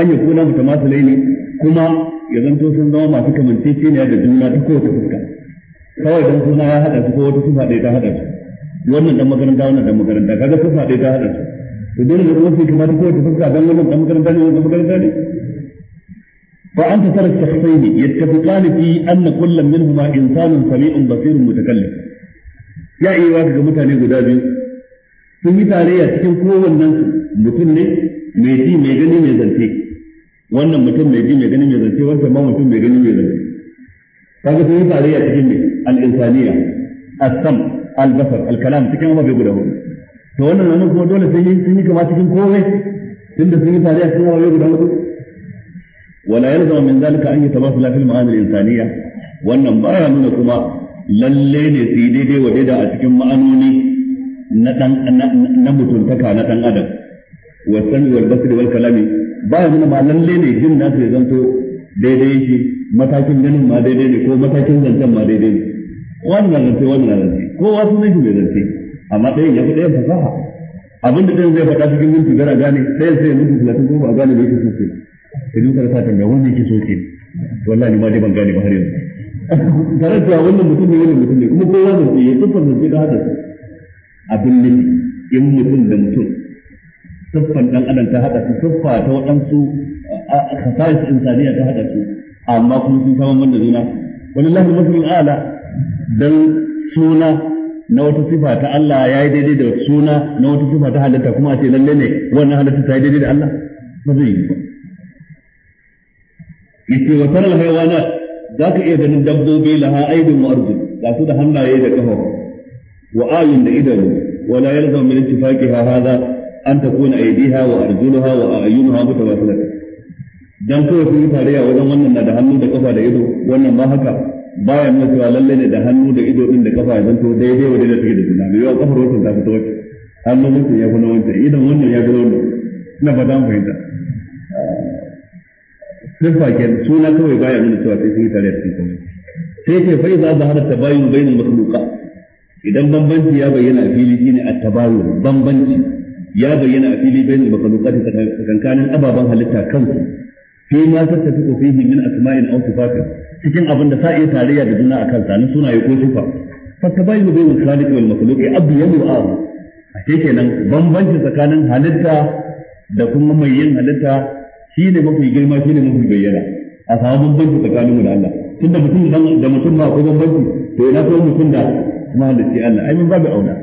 an yi kuna mutamathilaini kuma ya zanto sun zama masu kamanceceniya da juna ta kowace fuska kawai dan suna ya hada ko wata sifa ɗaya ta hada wannan dan makaranta wannan dan makaranta kaga sifa ɗaya ta hada su to dole ne kuma sai ko fuska dan wannan dan makaranta ne makaranta ne فأنت ترى الشخصين يتفقان في أن كل منهما إنسان سميع بصير متكلم يا إيوا كga mutane guda biyu sun yi tarayya cikin kowannen su mutum ne mai ji mai gani mai zance wannan mutum mai ji mai gani mai zance wannan ma mutum mai gani mai zance kaga sun yi tarayya cikin ne al-insaniya as al-basar al-kalam cikin abu guda hudu wannan kuma dole sai sun yi kama cikin sun yi cikin guda wala yalzamu min zalika an yatamasala fil ma'anil insaniya wannan ba ya nuna kuma lalle ne su yi daidai wa daida a cikin ma'anoni na mutuntaka na ɗan adam wa sami wal basri wal kalami ba ya nuna ma lalle ne jin nasu ya zanto daidai yake matakin ganin ma daidai ne ko matakin zancen ma daidai ne wannan zance wannan zance kowa sunan shi mai zance amma ɗayan ya fi ɗayan fasaha abinda ɗayan zai faɗa cikin minti gara gane ɗayan sai ya minti talatin ko ba a gane da yake sosai ka ji da satan ga wannan kiso ce wallahi ni ma dai ban gane ba har yanzu tare cewa wannan mutum ne wannan mutum ne kuma kowa ne ya siffar zance da hada su abin nufi in mutum da mutum siffan dan adam ta hada su siffa ta waɗansu khasa'is insaniya ta hada su amma kuma sun samu man da juna wallahi masalul ala dan suna na wata sifa ta Allah ya yi daidai da suna na wata sifa ta halitta kuma a ce lalle ne wannan halitta ta yi daidai da Allah ba zai yi ba yake wa taral haywanat za ka iya ganin dabbobi laha aidin wa arjul ga su da hannaye da kafa wa ayun da idanu wa la yalzam min ittifaqiha hadha an takuna aydiha wa arjuluha wa ayunuha mutawasilat dan kawai sun yi tarayya wajen wannan na da hannu da kafa da ido wannan ba haka baya nuna cewa lallai ne da hannu da ido din da kafa zan to daidai wa daidai take da juna mai yawa kafar wancan ta fito wacce hannu mutum ya fi na wancan idan wannan ya fi na wancan. ina ba za mu fahimta siffa ke suna kawai baya nuna cewa sai sun yi tare a cikin komai sai ce fa iza zahara tabayun bainal makaluka. idan bambanci ya bayyana a fili shine at-tabayun bambanci ya bayyana a fili bainal makhluqat tsakankanin ababen halitta kansu fi ma tattafiqu fihi min asma'in aw sifatin cikin abin da sa iya tarayya da juna a kansa suna sunaye ko sifa fa tabayun bainal khaliq wal makhluq abyanu a'lam ashe kenan bambanci tsakanin halitta da kuma mai yin halitta shi ne mafi girma shi ne mafi bayyana a samu bambanci tsakaninmu da Allah tun da mutum da mutum ba akwai bambanci to ina kuma mutum da shi Allah ai mun babu auna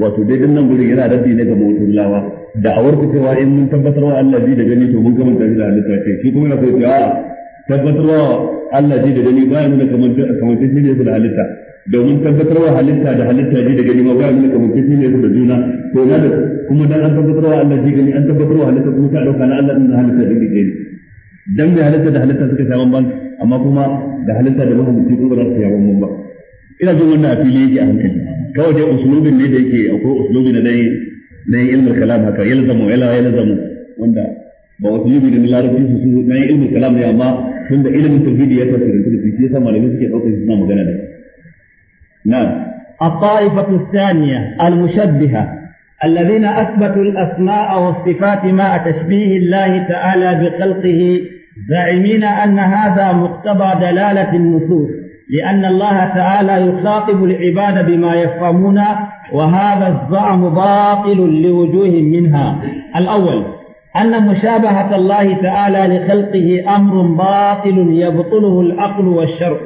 wato dai nan gurin yana raddi ne ga lawa da awar ku cewa in mun tabbatar wa Allah ji da gani to mun gama tafi da halitta ce shi kuma yana so ya tabbatar wa Allah ji da gani ba ya nuna kaman kaman shi ne da halitta domin tabbatar wa halitta da halitta ji da gani ma ba ya nuna kaman shi ne da juna to na da kuma dan an tabbatarwa Allah ji gani an tabbatarwa halitta kuma ta dauka na Allah din halitta da gani dan mai halitta da halitta suka sha bamban amma kuma da halitta da mahimmanci kuma ba za su sha bamban ba ina jin wannan a fili yake a hankali kawai dai usulubin ne da yake akwai usulubi na dai na yin ilmul kalam haka yalzamu ila yalzamu wanda ba wasu yubi da larabci su sun na yin ilmul kalam ne amma tun da ilimin tauhidi ya tasirin da su shi yasa malamai suke ɗaukar suna magana da su na'am الطائفة الثانية المشبهة الذين أثبتوا الأسماء والصفات مع تشبيه الله تعالى بخلقه زاعمين أن هذا مقتضى دلالة النصوص لأن الله تعالى يخاطب العباد بما يفهمون وهذا الزعم باطل لوجوه منها الأول أن مشابهة الله تعالى لخلقه أمر باطل يبطله العقل والشرع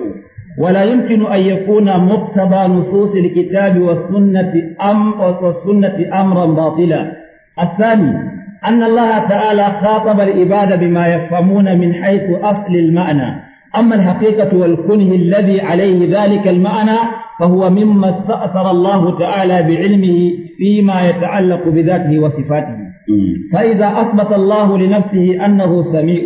ولا يمكن أن يكون مقتضى نصوص الكتاب والسنة أم والسنة أمرا باطلا الثاني أن الله تعالى خاطب العباد بما يفهمون من حيث أصل المعنى أما الحقيقة والكنه الذي عليه ذلك المعنى فهو مما استأثر الله تعالى بعلمه فيما يتعلق بذاته وصفاته فإذا أثبت الله لنفسه أنه سميع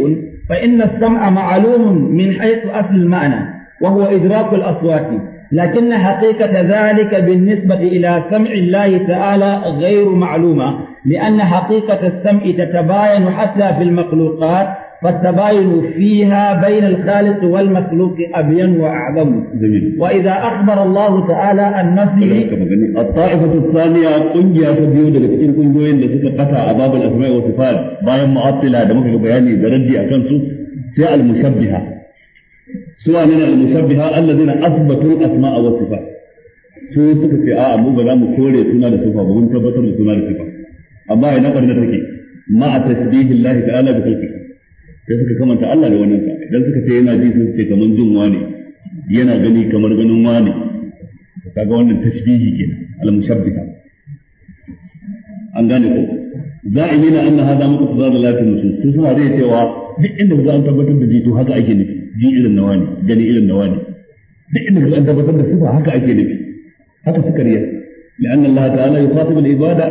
فإن السمع معلوم من حيث أصل المعنى وهو إدراك الأصوات لكن حقيقة ذلك بالنسبة إلى سمع الله تعالى غير معلومة لأن حقيقة السمع تتباين حتى في المخلوقات فالتباين فيها بين الخالق والمخلوق أبين وأعظم جميل. وإذا أخبر الله تعالى أن نفسه الطائفة الثانية قنجة تبيو daga قنجوين kungiyoyin قطع أباب الأسماء والصفات باين معطلة wa sifat bayan أكنسو da المشبهة suwa ne al-mushabbiha allazina asbatu al-asma'a wa sifat su suka ce a'a mu ba za mu kore suna da sifa ba mun tabbatar da suna da sifa amma ina barna take ma a tasbihi Allah ta'ala bi khalqi sai suka kamanta Allah da wannan sa idan suka ce yana ji sai kaman jin wani yana gani kamar ganin wani kaga wannan tasbihi kenan al-mushabbiha an gane ko za'imina anna hadha muqtada lati nusus su suna da cewa duk inda za an tabbatar da ji to haka ake nufi ji irin nawa ne gani irin nawa ne duk inda an tabbatar da sifa haka ake nufi haka suka riya لأن الله تعالى يخاطب العبادة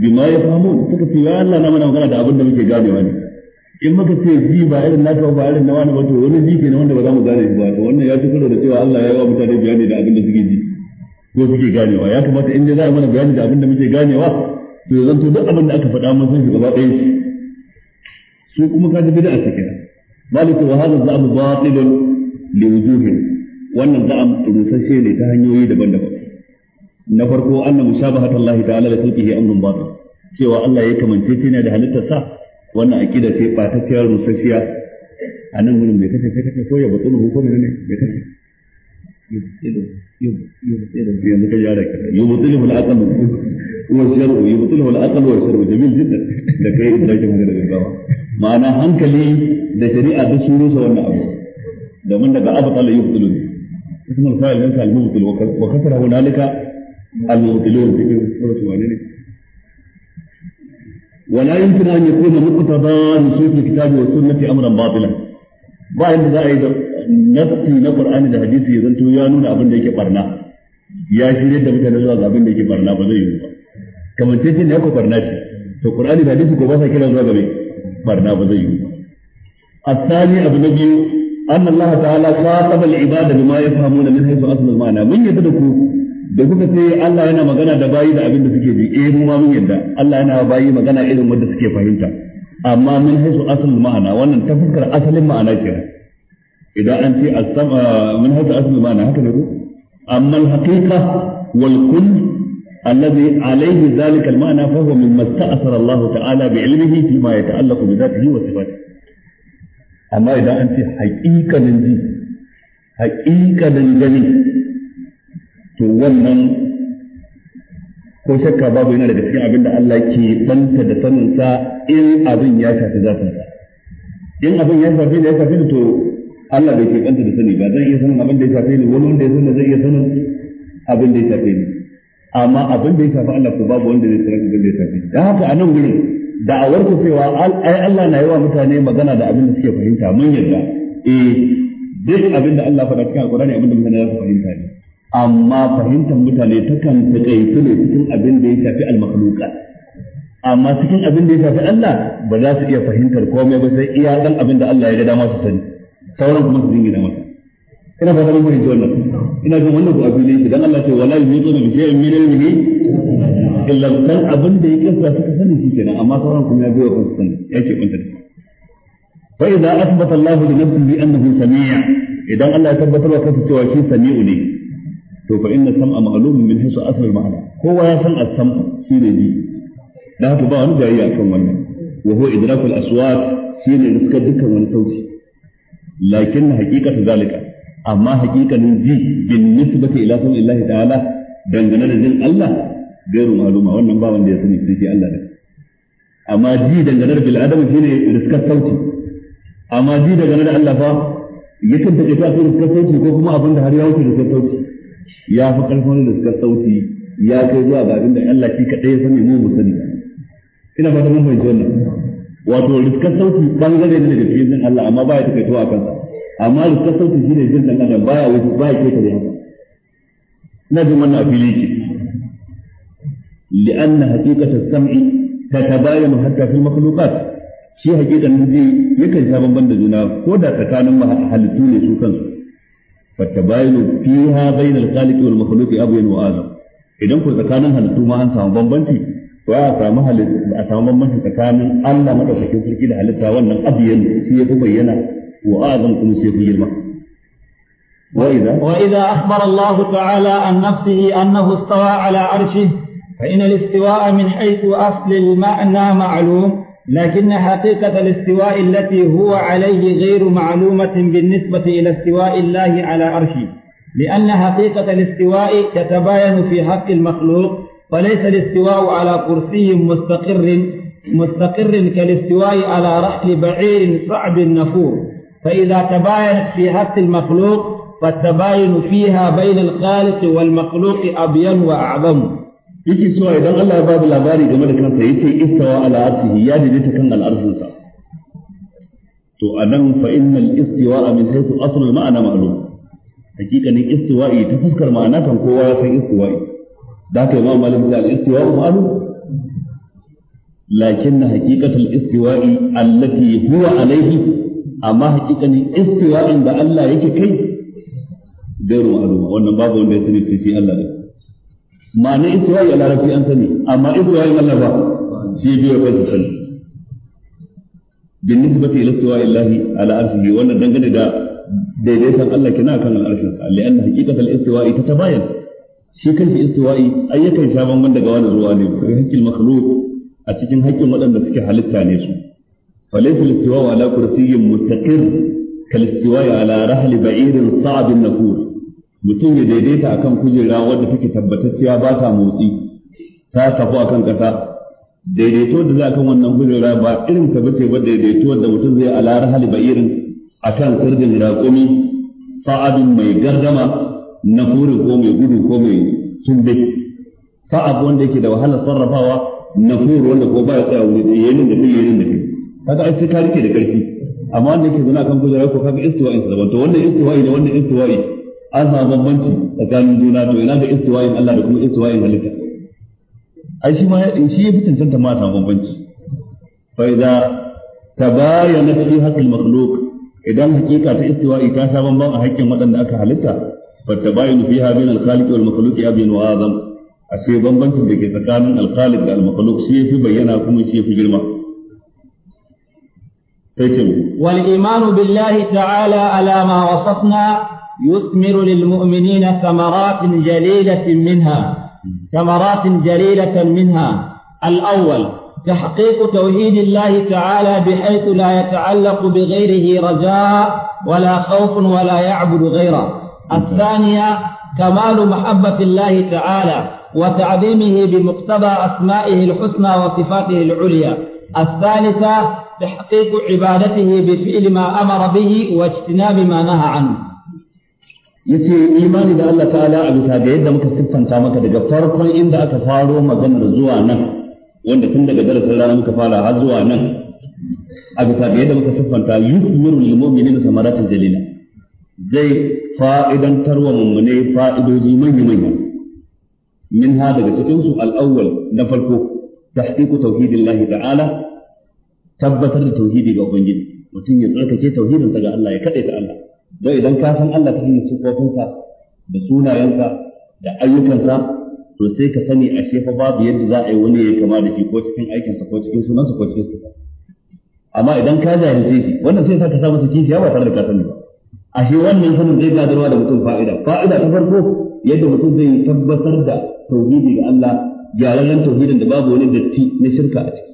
بما يفهمون suka ce ya Allah na mana magana da abin da muke ganewa ne in muka ce ji ba irin nata ba irin na wani ba to wani ji kenan wanda ba za mu gane shi ba to wannan ya ci da cewa Allah ya yi wa mutane bayani da abin da suke ji ko suke ganewa ya kamata in dai za a mana bayani da abin da muke ganewa to zan to duk abin da aka faɗa mun san shi gaba ɗaya su kuma ka ji bid'a ce kenan maliki wa hadha za'am batilun li wujuhin wannan za'am rusasshe ne ta hanyoyi daban-daban na farko anna mushabahata Allah ta'ala da tilkihi amrun batil cewa Allah ya kamance shi ne da halittar sa wannan aqida ce ba ta ciyar a nan gurin bai kace sai kace ko ya batsu ko menene bai kace yanzu ka yara ka yubtilu al-aql والشرع يبطله العقل والشرع جميل جدا da kai ibrahim magana da gawa ma'ana hankali da shari'a da sun rusa wannan abu domin daga abtal yubtilu ismu al-fa'il nan al mubtil wa kasara hunalika al cikin wani ne ولا يمكن أن يكون مقتضى نصوص الكتاب والسنة أمرا باطلا بعد ذلك نفسي نقر أن الحديث يزنتو يا نون أبن ديك برنا ya shirya da mutane zuwa ga abin da yake barna ba zai yi ba kamancecin ne ko barna ce to qur'ani da hadisi ko ba sa kira zuwa gabe barna ba zai yi الثاني أبو نبي أن الله تعالى خاطب العباد بما يفهمون من حيث أصل المعنى من يدركوا da kuka ce Allah yana magana da bayi da abin da suke ji eh mu ma mun yadda Allah yana bayi magana irin wanda suke fahimta amma min haisu asalin ma'ana wannan ta fuskar asalin ma'ana ke idan an ce min haisu asalin ma'ana haka ne ko amma al-haqiqa wal kull الذي عليه ذلك المعنى فهو مما استأثر الله تعالى بعلمه فيما يتعلق بذاته وصفاته أما إذا أنت حقيقة جي حقيقة جني تولنا ko shakka babu yana daga cikin abin da Allah ke banta da saninsa in abin ya shafi zafinsa in abin ya shafi da ya shafi to Allah bai ke banta da sani ba zan iya sanin abin da ya shafi ni wani wanda ya sanin zai iya sanin abin da ya shafi ni amma abin da ya shafi Allah ko babu wanda zai tsira abin da ya shafi dan haka a nan gurin da'awar ku cewa ai Allah na yawa mutane magana da abin da suke fahimta mun yarda eh duk abin da Allah faɗa cikin alƙur'ani abin da mutane za su fahimta ne amma fahimtar mutane takan taƙaitu ne cikin abin da ya shafi al makhluqa amma cikin abin da ya shafi Allah ba za su iya fahimtar komai ba sai iya dan abin da Allah ya ga dama su sani sauran kuma su jingina masa ina fata mun fahimci wannan ina jin wannan ku abin ne dan Allah ce wala yuhitu bi shay'in min ilmihi illa kan abin da ya kasa suka sani shi kenan amma sauran kuma ya biyo kan su sani yake kunta da shi fa idza athbata Allah li nafsihi annahu sami'a idan Allah ya tabbatar wa kansa cewa shi sami'u ne to fa inna sam'a ma'lumun min hisu asl al-ma'na kowa ya san as-sam'u shi ne ji da haka ba wani jayayya akan wannan wa huwa idrakul aswat shi ne dukkan wani sauti lakin haqiqatu zalika amma haƙiƙanin ji bin nisbati ila sun illahi ta'ala dangane da jin Allah gairu maluma wannan ba wanda ya sani sai ke Allah ne amma ji dangane da bil'adam shi shine riskar sauti amma ji dangane da Allah fa yakan take ta kai riskar sauti ko kuma abin da har ya wuce riskar sauti ya fi ƙarfin riskar sauti ya kai zuwa ga abin da Allah shi kaɗai ya sani mu mu sani ina fata mun fahimci wannan wato riskar sauti bangare ne daga cikin Allah amma ba ya take a kansa amma da kasance shi ne jin dan adam baya wuce baya ke tare haka ina jin wannan a fili ke na haqiqatu sam'i tatabayanu hatta fil makhluqat shi haqiqan ji yakan sha bamban da juna ko da tsakanin halittu ne su kansu fatabayanu fiha bainal khaliq wal makhluq abu wa azam idan ko tsakanin halittu ma an samu bambanci to a samu halittu a samu bambanci tsakanin Allah madaukakin sarki da halitta wannan abyan shi ya fi bayyana وأعظمكم شيخ المحر وإذا وإذا أخبر الله تعالى عن نفسه أنه استوى على عرشه فإن الاستواء من حيث أصل المعنى معلوم لكن حقيقة الاستواء التي هو عليه غير معلومة بالنسبة إلى استواء الله على عرشه لأن حقيقة الاستواء تتباين في حق المخلوق فليس الاستواء على كرسي مستقر مستقر كالاستواء على رحل بعير صعب النفور فإذا تباينت في هفت المخلوق فالتباين فيها بين الخالق والمخلوق أبين وأعظم yake cewa idan Allah ya bada labari game da kansa yace istawa ala arsihi ya daidaita kan al'arsin sa to anan fa innal istiwa min haythu asl ma'ana ma'lum hakikanin istiwa'i ta fuskar ma'ana kan kowa ya san istiwa'i da kai ma malam sai al istiwa ma'lum lakin haqiqatul istiwa'i allati huwa alayhi amma hakikanin istiwa'in da Allah yake kai gairu ma'luma wannan babu wanda ya sani shi Allah ne ma'ana istiwa'i a larabci an sani amma istiwa'in Allah ba shi biyo kansa sani bin nisbati ila istiwa'i Allah ala arshihi wannan dangane da daidaitan Allah kina kan al'arshin sa li'anna haqiqatul istiwa'i tatabayan shi kanshi istiwa'i ayyukan sha bamban daga wani ruwa ne hakkin makhluq a cikin hakkin waɗanda suke halitta ne su فليس الاستواء على كرسي مستقر كالاستواء على رحل بعير صعب النفور mutum ya daidaita akan kujera wadda take tabbatacciya ba ta motsi ta tafi akan ƙasa daidaito da za a kan wannan kujera ba irin ta bace ba daidaito da mutum zai alara hali ba irin akan sirrin raƙumi sa'abin mai gardama na furi ko mai gudu ko mai tunde sa'ab wanda yake da wahalar sarrafawa na furi wanda ko ba ya tsaya wuri da yayin da yayin da kaga ai sai ka rike da karfi amma wanda yake zaune kan kujera ko kaga istiwa'i sa daban to wannan istiwa'i ne wannan istiwa'i an samu bambanci tsakanin juna to ina da istiwa'in Allah da kuma istiwa'in halitta ai shi ma shi ya fi cancanta ma samu bambanci fa idza tabayyana fi haqqil makhluq idan hakika ta istiwa'i ta sa bamban a haƙƙin waɗanda aka halitta fa tabayyana fiha bain al-khaliq wal makhluq abyan wa azam ashe bambancin da ke tsakanin al-khaliq da al-makhluq shi fi bayyana kuma shi ya fi girma والإيمان بالله تعالى على ما وصفنا يثمر للمؤمنين ثمرات جليلة منها ثمرات جليلة منها الأول تحقيق توحيد الله تعالى بحيث لا يتعلق بغيره رجاء ولا خوف ولا يعبد غيره الثانية كمال محبة الله تعالى وتعظيمه بمقتضى أسمائه الحسنى وصفاته العليا الثالثة تحقيق عبادته بفعل ما أمر به واجتناب ما نهى عنه yace imani da Allah ta'ala a bisa da yadda muka siffanta maka daga farkon inda aka faro maganar zuwa nan wanda tun daga darasin rana muka fara har zuwa nan a bisa da yadda muka siffanta yuhmiru lil mu'minina samaratul jalila zai fa'idantar wa mummune fa'idoji manya manya min ha daga cikin su al-awwal na farko tahqiqu tauhidillahi ta'ala tabbatar da tauhidi ga ubangiji mutum ya tsarkake tauhidin ga Allah ya ta Allah don idan ka san Allah ta hanyar sifofinsa da sunayensa da ayyukansa to sai ka sani a shefa babu yadda za a yi wani ya kama da shi ko cikin aikinsa ko cikin sunansa ko cikin sifa amma idan ka jahilce shi wannan sai sa ka masa cikin ya ba tare da ka sani ba ashe wannan sanin zai gadarwa da mutum fa'ida fa'ida ta farko yadda mutum zai tabbatar da tauhidi ga Allah gyararren tauhidin da babu wani datti na shirka a ciki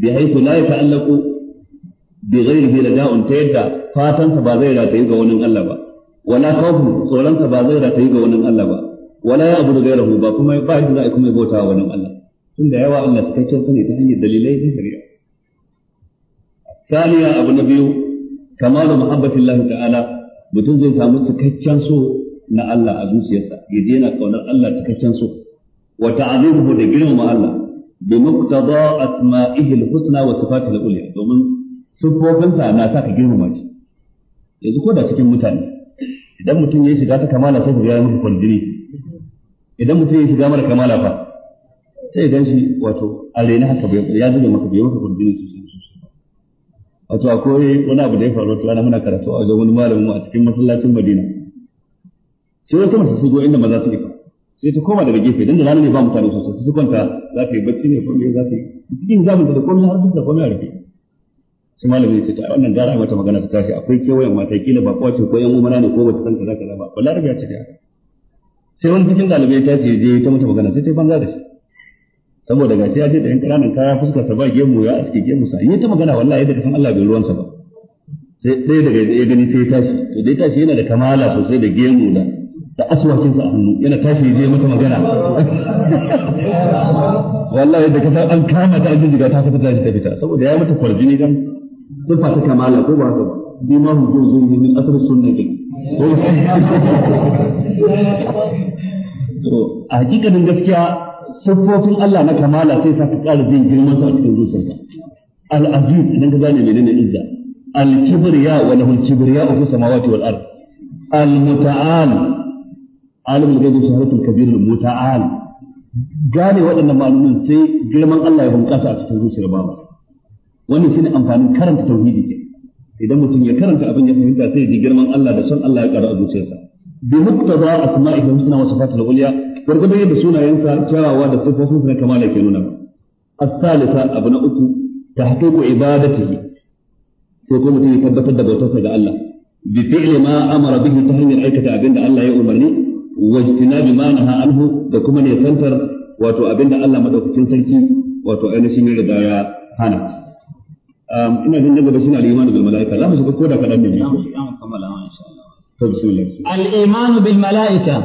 bi haythu la yata'allaqu bi ghayrihi lada'un ta yadda fatansa ba zai ratayu ga wani Allah wala khawfu tsoronsa ba zai ratayu ga wani Allah wala ya abudu gairahu ba kuma ba shi za a bauta da yawa dalilai shari'a أبو النبي كمال محبة الله تعالى mutum zai samu cikakken so na Allah a zuciyarsa ya daina kaunar Allah cikakken so wa ta'azimuhu da girmama Allah bi muqtada asma'ihi al-husna wa sifatihi al-ulya domin sufofinsa na sa ka girmama shi yanzu ko da cikin mutane idan mutum ya shiga ta kamala sai ya muku kwaljini idan mutum ya shiga mara kamala fa sai gan shi wato a rena haka bai ya zube maka bai maka kwaljini sosai wato akwai wani abu da ya faru ta muna karatu a wajen wani malamin mu a cikin masallacin Madina sai wata su shigo inda maza suke fa sai ta koma daga gefe dan da ranar ne ba mutane sosai su kwanta za ta yi bacci ne kuma za ta yi cikin zamun da komai har duka komai a rufe sai malamin ce ta wannan gara mata magana ta tashi akwai kewayen mata kila ba kowace ko yan umara ne ko ba ta san ka kaza ba wallahi rabiya ce da sai wani cikin dalibai ta ce je ta mata magana sai ta banga da shi saboda gashi ya je da yan karamin kaya fuska sa ba gemu ya aske gemu sa yi ta magana wallahi da san Allah bai ruwansa ba sai dai daga ya gani sai ya tashi to dai tashi yana da kamala sosai da gemu da da aswakin sa a hannu yana tashi je mata magana wallahi da kasan an kama ta an jijjiga ta fita tashi ta fita saboda ya mata kwarjini dan sifa ta kamala ko ba haka ba bi ma hu zo zo min asr sunnati to a hakikanin gaskiya siffofin Allah na kamala sai sa ka ƙara jin girman sa a cikin zuciyarka al-aziz idan ka gane menene izza al-kibriya wa lahul kibriya fi samawati wal ard al-muta'al alimul gaibi shahadatul kabir muta'al gane waɗannan ma'anonin sai girman Allah ya bunƙasa a cikin zuciyar bawa wannan shine amfanin karanta tauhidi ke idan mutum ya karanta abin ya fahimta sai ya ji girman Allah da son Allah ya ƙara a zuciyarsa bi muqtada asma'ihi husna wa sifatil ulya gurgurdan yadda sunayensa kyawawa da sifofinsa na kamala ke nuna as-salisa abu na uku tahqiqu ibadatihi sai ko mutum ya tabbatar da bautarsa ga Allah bi fi'li ma amara bihi ta hanyar aikata abin da Allah ya umarni wajtinabi ma naha anhu da kuma ne santar wato abinda Allah madaukakin sarki wato ainihin ya riga ya hana ina jin daga bashin al-iman bil malaika za mu koda kadan ne to bismillah al-iman bil malaika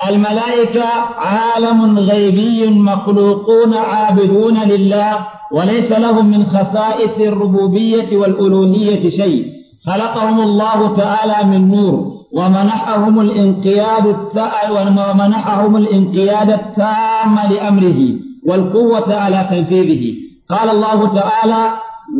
الملائكة عالم غيبي مخلوقون عابدون لله وليس لهم من خصائص الربوبية والألوهية شيء خلقهم الله تعالى من نور ومنحهم الانقياد ومنحهم الانقياد التام لأمره والقوة على تنفيذه قال الله تعالى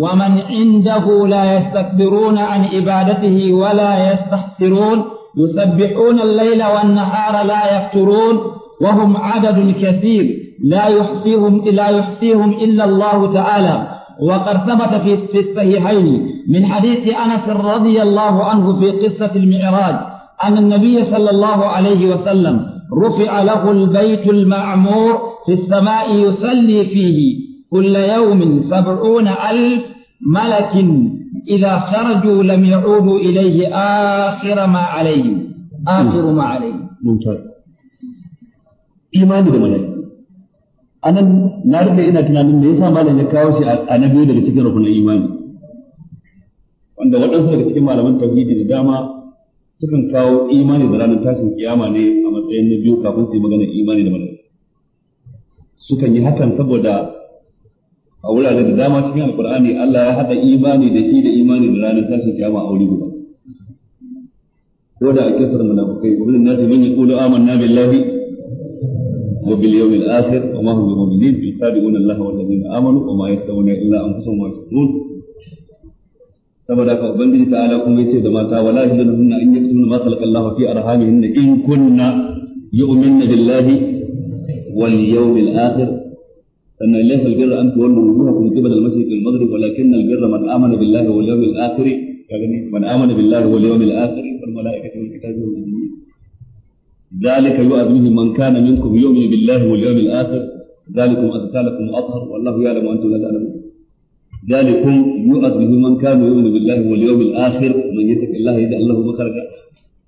ومن عنده لا يستكبرون عن عبادته ولا يستحسرون يسبحون الليل والنهار لا يفترون وهم عدد كثير لا يحصيهم لا يحصيهم إلا الله تعالى وقد ثبت في الصحيحين من حديث أنس رضي الله عنه في قصة المعراج أن النبي صلى الله عليه وسلم رفع له البيت المعمور في السماء يصلي فيه كل يوم سبعون ألف ملك إذا خرجوا لم يعودوا إليه آخر ما عليه آخر ما عليه ممتاز نعم. نعم. طيب. إيمان بالملائكة anan na rufe ina tunanin ya yasa malam ya kawo shi a na biyu daga cikin rukunin imani wanda waɗansu daga cikin malaman tauhidi da dama sukan kawo imani da ranar tashin kiyama ne a matsayin na biyu kafin su yi magana imani da malaka sukan yi hakan saboda a wurare da dama cikin alkur'ani Allah ya haɗa imani da shi da imani da ranar tashin kiyama a wuri guda ko da a kisar munafukai wa min nasi man yaqulu amanna billahi وباليوم الآخر وما هم بمؤمنين يخادعون الله والذين آمنوا وما يخدعون إلا أنفسهم ويشكرون saboda haka ubangiji ta'ala kuma yace da mata wala yahzunna an yakunu ma sallallahu fi arhamihinna in kunna yu'minna billahi wal yawmil akhir أن ليس الجر أن تولوا وجوهكم قبل المسجد والمغرب ولكن الجر من آمن بالله واليوم الآخر يعني من آمن بالله واليوم الآخر فالملائكه والكتاب والنبيين ذلك يؤذ به من كان منكم يؤمن بالله واليوم الآخر ذلكم أزكى لكم وأطهر والله يعلم وأنتم لا تعلمون ذلكم يؤذ به من كان يؤمن بالله واليوم الآخر من يتق الله يجعل له مخرجا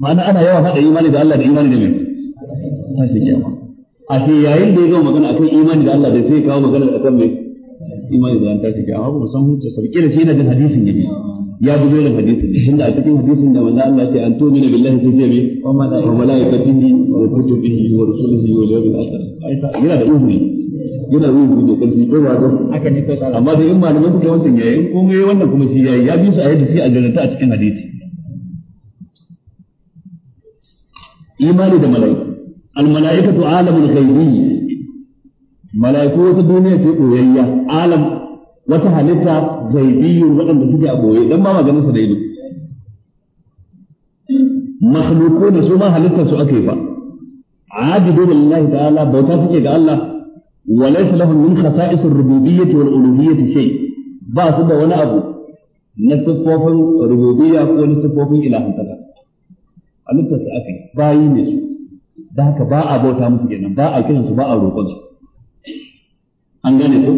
da Allah da imani da mai tashi a ce yayin da ya zo magana akan imani da Allah da sai kawo magana akan mai imani da tashi kiyama ba san hujja sarki da shi yana jin hadisin ne ya bi zoren hadisi inda a cikin hadisin da manzo Allah ce an tu'mina billahi sai ce me wa malaikatihi wa kutubihi wa rusulihi wa yawmil akhir yana da uzuri yana da uzuri da kalbi ko don aka ne ko tsara amma da in malaman suka wancan yayi ko yayi wannan kuma shi yayi ya bi su ayati yadda shi aljannata a cikin hadisi imani da malaika al malaikatu alamul ghaibi malaiku wata duniya ce koyayya alam wata halitta gaibiyu waɗanda suke a ɓoye dan ba ma ganin su da ido makhluku ne su ma halitta su aka yi fa ajidu lillahi ta'ala bauta suke ga Allah wa laysa lahum min khasa'is ar-rububiyyah wal uluhiyyah shay ba su da wani abu na siffofin rububiyya ko na siffofin ilahantaka Halitta su aka yi bayi ne su da haka ba a bauta musu kenan ba a kiransu ba a roƙonsu su an gane ko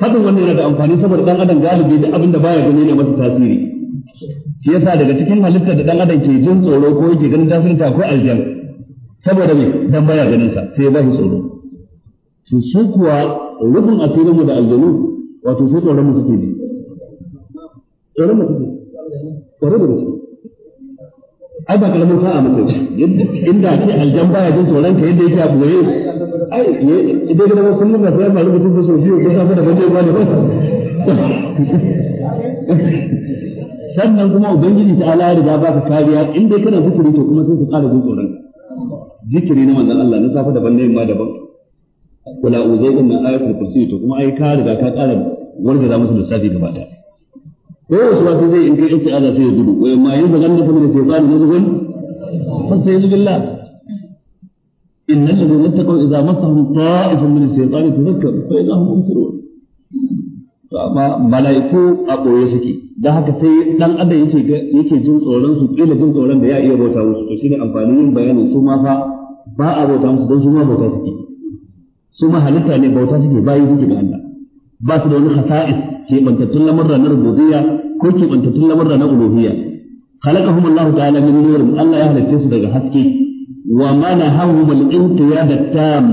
hakan wanda yana da amfani saboda dan adam galibi da abin da baya gani ne masa tasiri shi yasa daga cikin halittar da dan adam ke jin tsoro ko yake ganin tasirin ta ko aljan saboda me dan baya ganin sa sai ya ba shi tsoro to su kuwa rubun asirin mu da aljanu wato sai tsoron mu suke ne tsoron mu suke tsoron mu suke ai ba kalamin sa'a mutum inda ake aljan baya jin tsoron ka yadda yake a ne ai idan ka zama kullum sai rubutun sau biyu ko ba ne ba sannan kuma ubangiji ta ala ya riga baka kariya in dai kana zikiri to kuma sai ka ƙara jin tsoron zikiri na manzon Allah na safa daban na ma daban wala uzaidin na ayatul kursi to kuma ai ka riga ka ƙara mu su lissafi gaba ɗaya ko wasu wasu zai in kai ala sai ya gudu wa ma yanzu ganin da kuma da sai ba ne na sai ya yanzu Allah إن الذين اتقوا إذا مسهم طائف من الشيطان تذكروا فإذا هم مبصرون amma mala'iku a ɓoye suke da haka sai dan adam yake yake jin tsoron su kila jin tsoron da ya iya bauta musu to shine amfanin yin bayani su ma fa ba a bauta musu don su ma bauta suke su ma halitta ne bauta suke bayi suke ga Allah ba su da wani khasa'is ke bantattun lamurra na rububiyya ko ke bantattun lamurra na uluhiyya khalaqahum Allah ta'ala min nurin Allah ya halicce su daga haske wa mana hawum al-intiyad at-tam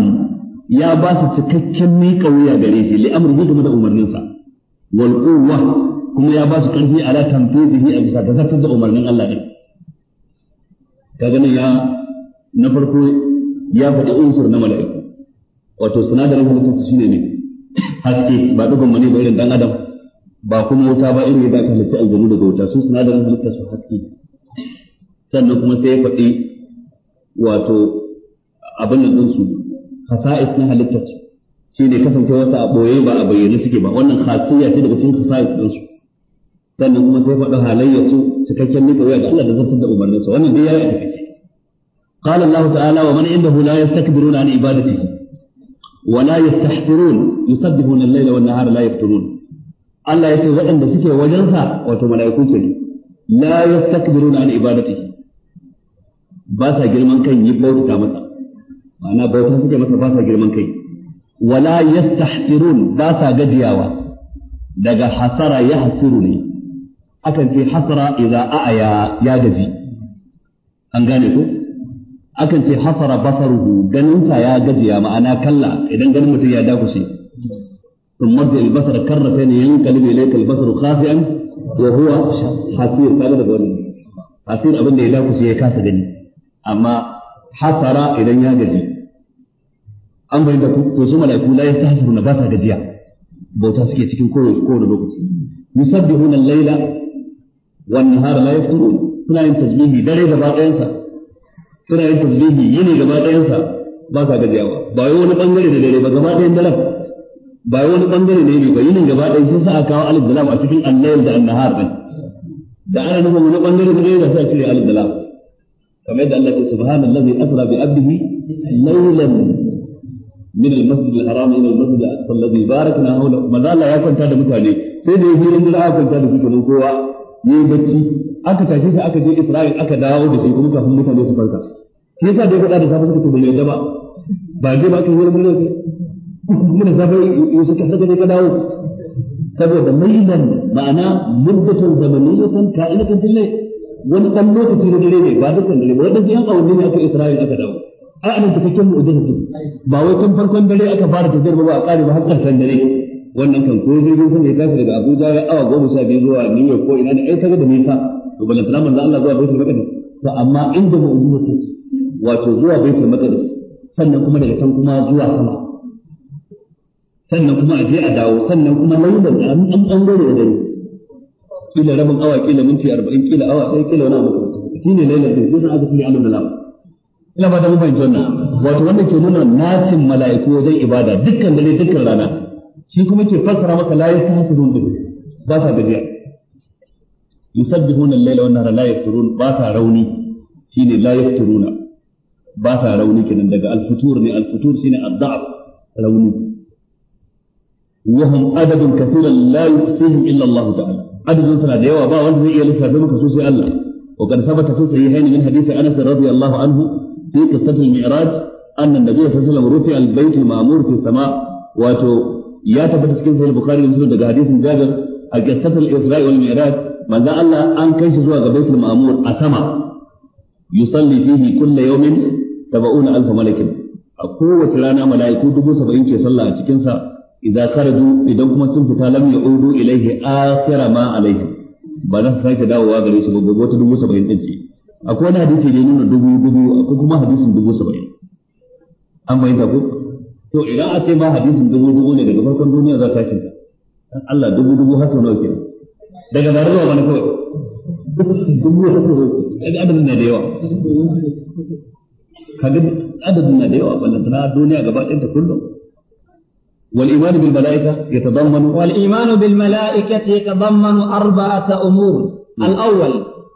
ya ba su cikakken miƙa wuya gare shi li'amrihi game da sa. wal quwwa kuma ya ba su karfi ala tanfizihi a bisa da zartar da umarnin Allah din kaga nan ya na farko ya faɗi unsur na mala'iku wato sinadarin halittar su shine ne haske ba dukan mane ba irin dan adam ba kuma wuta ba irin ba aka halitta aljanu daga wuta su sinadarin halittar su haske sannan kuma sai ya faɗi wato abin nan ɗinsu khasa'is na halittar su shi ne kasancewarsa a ɓoye ba a bayyane suke ba wannan khasiyya ce daga cikin khasa'is ɗinsu sannan kuma sai faɗa halayyar su cikakken nika wuya Allah da zartar da umarninsa wannan dai ya yi a قال الله تعالى ومن عنده لا يستكبرون عن عبادته ولا يستحقرون يسبحون الليل والنهار لا يفترون الله ya ce waɗanda suke wajensa لا يستكبرون عن عبادته ba sa girman kan yi bauta masa ma'ana bauta suke masa ba sa girman kai wala yastahqirun ba sa gajiyawa daga hasara ya hasiru ne akan ce hasara idza a'aya ya gaji an gane ko akan ce hasara basaruhu ganinsa ya gajiya ma'ana kalla idan ganin mutum ya dakushe ثم مرجع البصر كرتين ينقلب اليك البصر خاسئا وهو حسير هذا حسير ابن الله كسي كاسا gani. amma hasara idan ya gaji an bayyana ku to su malaiku la yastahsiruna ba sa gajiya bauta suke cikin kowace kowace lokaci yusabbihuna al-laila wan nahara la yafturu suna yin tasbihi dare gaba ɗayan sa suna yin tasbihi yini gaba ɗayan sa ba sa gajiyawa ba yau wani bangare da dare ba gaba ɗayan dalan ba yau wani bangare ne ba yini gaba ɗayan sun sa kawo alif da lam a cikin al-lail da an-nahar da ana nufin wani bangare da dare da sai cire alif da lam kamar yadda Allah ya subhana allazi asra bi abdihi min al-masjid al-haram ila al-masjid al-aqsa Allah ya kwanta da mutane sai da yayi da aka kwanta da kuke kowa yayi bacci aka tashi shi Isra'il aka dawo da shi kuma kafin mutane su farka shi yasa da ya faɗa da safe suka ce bai ba ba zai ba ka wurin kuma ne ka dawo saboda mailan ma'ana muddatun zamaniyatan wani dan lokaci na dare ne ba dukkan dare ba wadansu yan awanni ne aka Isra'il aka dawo ai anan cikakken mu'jiza ce ba wai tun farkon dare aka fara ta ba ba a kare ba har karshen dare wannan kan ko jirgin sama ya tashi daga Abuja ya awa goma sha biyu zuwa New York ko ina ne ai kaga da nisa to ballan salamu da Allah zuwa baitul maqdis to amma inda ta ce wato zuwa baitul maqdis sannan kuma daga can kuma zuwa sama sannan kuma a je a dawo sannan kuma da an an bangare da dare kila rabin awa kila minti arba'in, kila awa sai kila wani abu shine lailar da yasa aka tsiri amal mala'a ina ba da fahimci wannan wato wannan ke nuna nasin mala'iku wajen ibada dukkan dare dukkan rana shi kuma ke fassara maka la yasahun bi ba sa gajiya yusabbihuna al-laila wan nahara la yafturun ba sa rauni shine la yafturuna ba sa rauni kenan daga al-futur ne al-futur shine ad-da'f rauni وهم عدد كثيرا لا يحصيهم الا الله تعالى adadin suna da yawa ba wanda zai iya lissafe maka su sai Allah wa qad thabata fi sahihayn min hadisi Anas radiyallahu anhu fi qissat al-mi'raj anna an-nabiy sallallahu alaihi wasallam rufi'a al-bayt al-ma'mur fi sama wato ya tabbata cikin sahih bukhari da muslim daga hadisin Jabir a qissat al-isra' wal-mi'raj manzo Allah an kai shi zuwa ga baitul ma'mur a sama yusalli fihi kullu yawmin 70000 malakin a kowace rana mala'iku dubu saba'in ke sallah a cikinsa idza karadu idan kuma sun fita lam yaudu ilaihi akhira ma alaihi ba za su sake dawowa gare shi ba gobe ta dubu saba'in din ce akwai wani hadisi da nuna dubu dubu akwai kuma hadisin dubu saba'in an fahimta ko to idan a ce ma hadisin dubu dubu ne daga farkon duniya za ta shiga dan Allah dubu dubu haka sau nawa kenan daga bare zuwa wani kawai dubu har sau nawa kaga adadin na da yawa kaga adadin na da yawa ballantana duniya gaba ɗaya ta kullum والإيمان بالملائكة يتضمن والإيمان بالملائكة يتضمن أربعة أمور نعم. الأول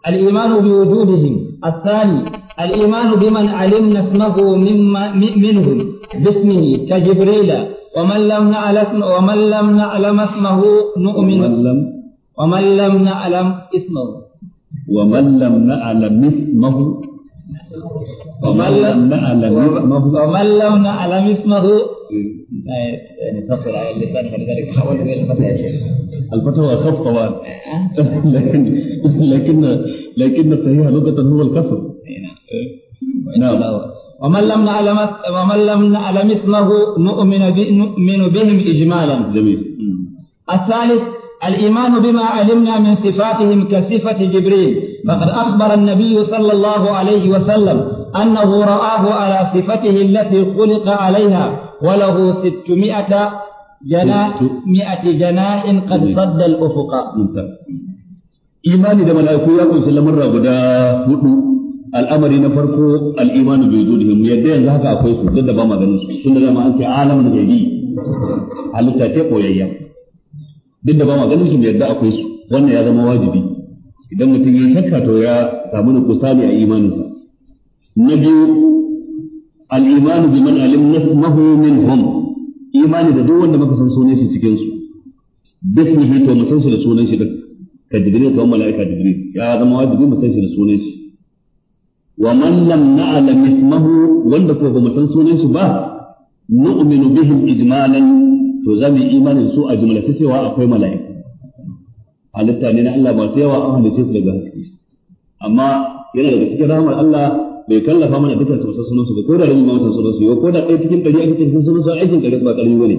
الإيمان بوجودهم الثاني الإيمان بمن علمنا اسمه مما منهم باسمه كجبريل ومن لم نعلم ومن لم نعلم اسمه نؤمن ومن لم ومن لم نعلم اسمه ومن لم نعلم اسمه ومن لم نعلم اسمه ومن لم نعلم اسمه ما يعني تصل على اللسان فلذلك حولته الى الفتوى يا شيخ الفتوى خف طبعا *laughs* لكن لكن لكن صحيح لغه هو الكسر إيه، نعم. نعم ومن لم نعلم ومن لم نعلم اسمه نؤمن نؤمن بهم اجمالا جميل الثالث الإيمان بما علمنا من صفاتهم كصفة جبريل فقد أخبر النبي صلى الله عليه وسلم أنه رآه على صفته التي خلق عليها وله ستمائة جناح مئة جناح قد صد الأفق imani da mala'iku ya kunshi lamarra guda hudu al'amari na farko al'imanu bai zo da himu yadda yanzu haka akwai su duk da ba ma ganin su tun da zama an ce alamun gaibi halitta ce koyayya duk da ba ma ganin su yadda akwai su ya zama wajibi idan mutum ya shakka ya samu ni a imaninsa na biyu al-imanu biman alimnahu minhum imani da duk wanda muka san sunan shi cikin su bismihi da sunan shi ka jibril ka malaika jibril ya zama wajibi mu san shi da sunan wa man lam na'lam ismahu wanda ko ba mu san sunan shi ba nu'minu bihim ijmalan to su a jumla akwai ne na Allah masu yawa an halice su daga haske amma yana daga cikin rahmar Allah bai kallafa mana dukkan su sun su ba ko da rabin mawatan su yau ko da ɗaya cikin ɗari aka cikin sun su aikin ɗari ba ƙarfi ba ne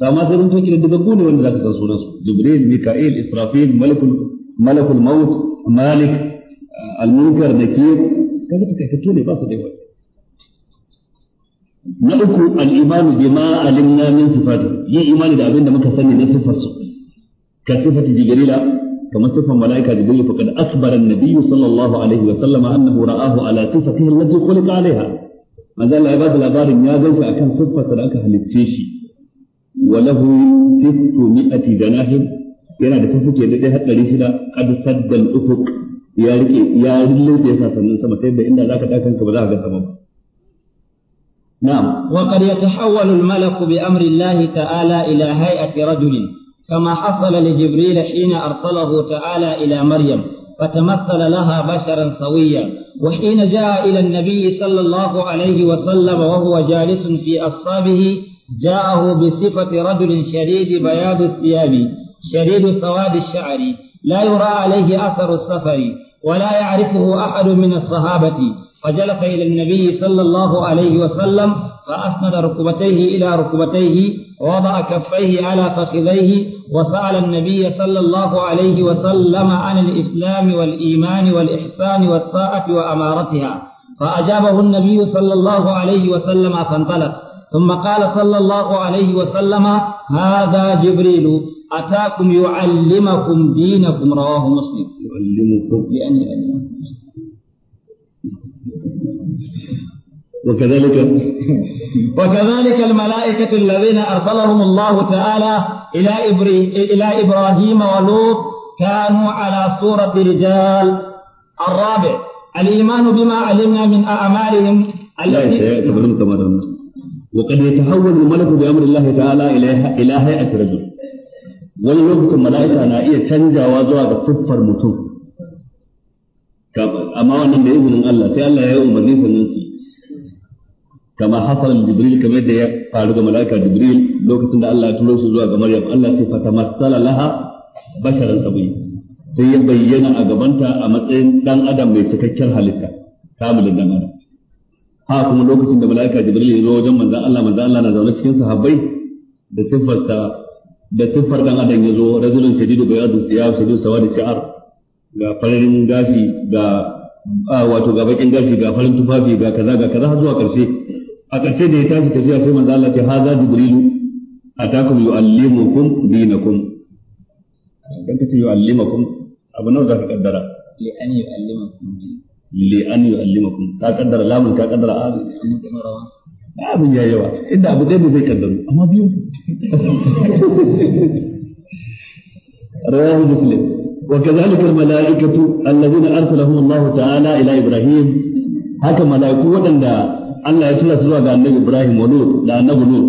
amma sai mun tuki da duka ne wanda za ka san su; jibril mika'il israfil malakul malakul maut malik al-munkar nakir kaga takaitattu ne ba su da yawa na uku al-imanu bima alimna min sifati yin imani da abin da muka sani na sifarsu ka sifati jibrila كما صفة ملائكة جبريل فقد أخبر النبي صلى الله عليه وسلم أنه رآه على صفته التي خلق عليها هذا العباد الأبار يا جوش أكان صفة لك هلتشيشي وله تسعمائة جناح yana da tafuke da dai haɗari shida kad saddal ufuk ya rike ya rille sa sannan sama sai da inda zaka dakan ka ba za ka ga sama ba na'am wa qad malaku bi amri ta'ala ila hay'ati كما حصل لجبريل حين أرسله تعالى إلى مريم فتمثل لها بشرا سويا وحين جاء إلى النبي صلى الله عليه وسلم وهو جالس في أصحابه جاءه بصفة رجل شديد بياض الثياب شديد سواد الشعر لا يرى عليه أثر السفر ولا يعرفه أحد من الصحابة فجلس إلى النبي صلى الله عليه وسلم فأسند ركبتيه إلى ركبتيه ووضع كفيه على فخذيه وسأل النبي صلى الله عليه وسلم عن الإسلام والإيمان والإحسان والطاعة وأمارتها فأجابه النبي صلى الله عليه وسلم فانطلق ثم قال صلى الله عليه وسلم هذا جبريل أتاكم يعلمكم دينكم رواه مسلم يعلمكم لأن يعلمكم وكذلك وكذلك الملائكة الذين أرسلهم الله تعالى إلى, إبري... إلى إبراهيم ولوط كانوا على صورة رجال الرابع الإيمان بما علمنا من أعمالهم التي وقد يتحول الملك بأمر الله تعالى إلى إلى هيئة رجل wani lokacin mala'ika na iya canjawa zuwa ga siffar mutum amma wannan da izinin Allah sai Allah ya yi umarni sannan su kama hasalan jibril kamar da ya faru ga malaika jibril lokacin da Allah ya turo shi zuwa ga maryam Allah sai fatamassala laha basharan sabiy sai ya bayyana a gabanta a matsayin ɗan adam mai cikakkiyar halitta kamilin dan adam ha kuma lokacin da malaika jibril ya zo wajen manzon Allah manzon Allah na zaune cikin sahabbai da siffarsa da siffar dan adam ya zo rajulun shadidu bayadu siyab shadidu sawadi shi'ar ga farin gashi ga wato ga bakin gashi ga farin tufafi ga kaza ga kaza zuwa karshe a ƙarshe da ya tashi tafiya sai manzo Allah ce haza jibrilu atakum yuallimukum dinakum dan kace yuallimukum abu nawa zaka kaddara li an yuallimukum li an yuallimukum ka kaddara lamun ka kaddara a abin ya yawa inda abu dai zai kaddaru amma biyu rawahu muslim وكذلك الملائكة الذين أرسلهم الله تعالى إلى إبراهيم هكذا ملائكة ودن Allah ya tura su zuwa ga annabi Ibrahim wa Lut da annabi Lut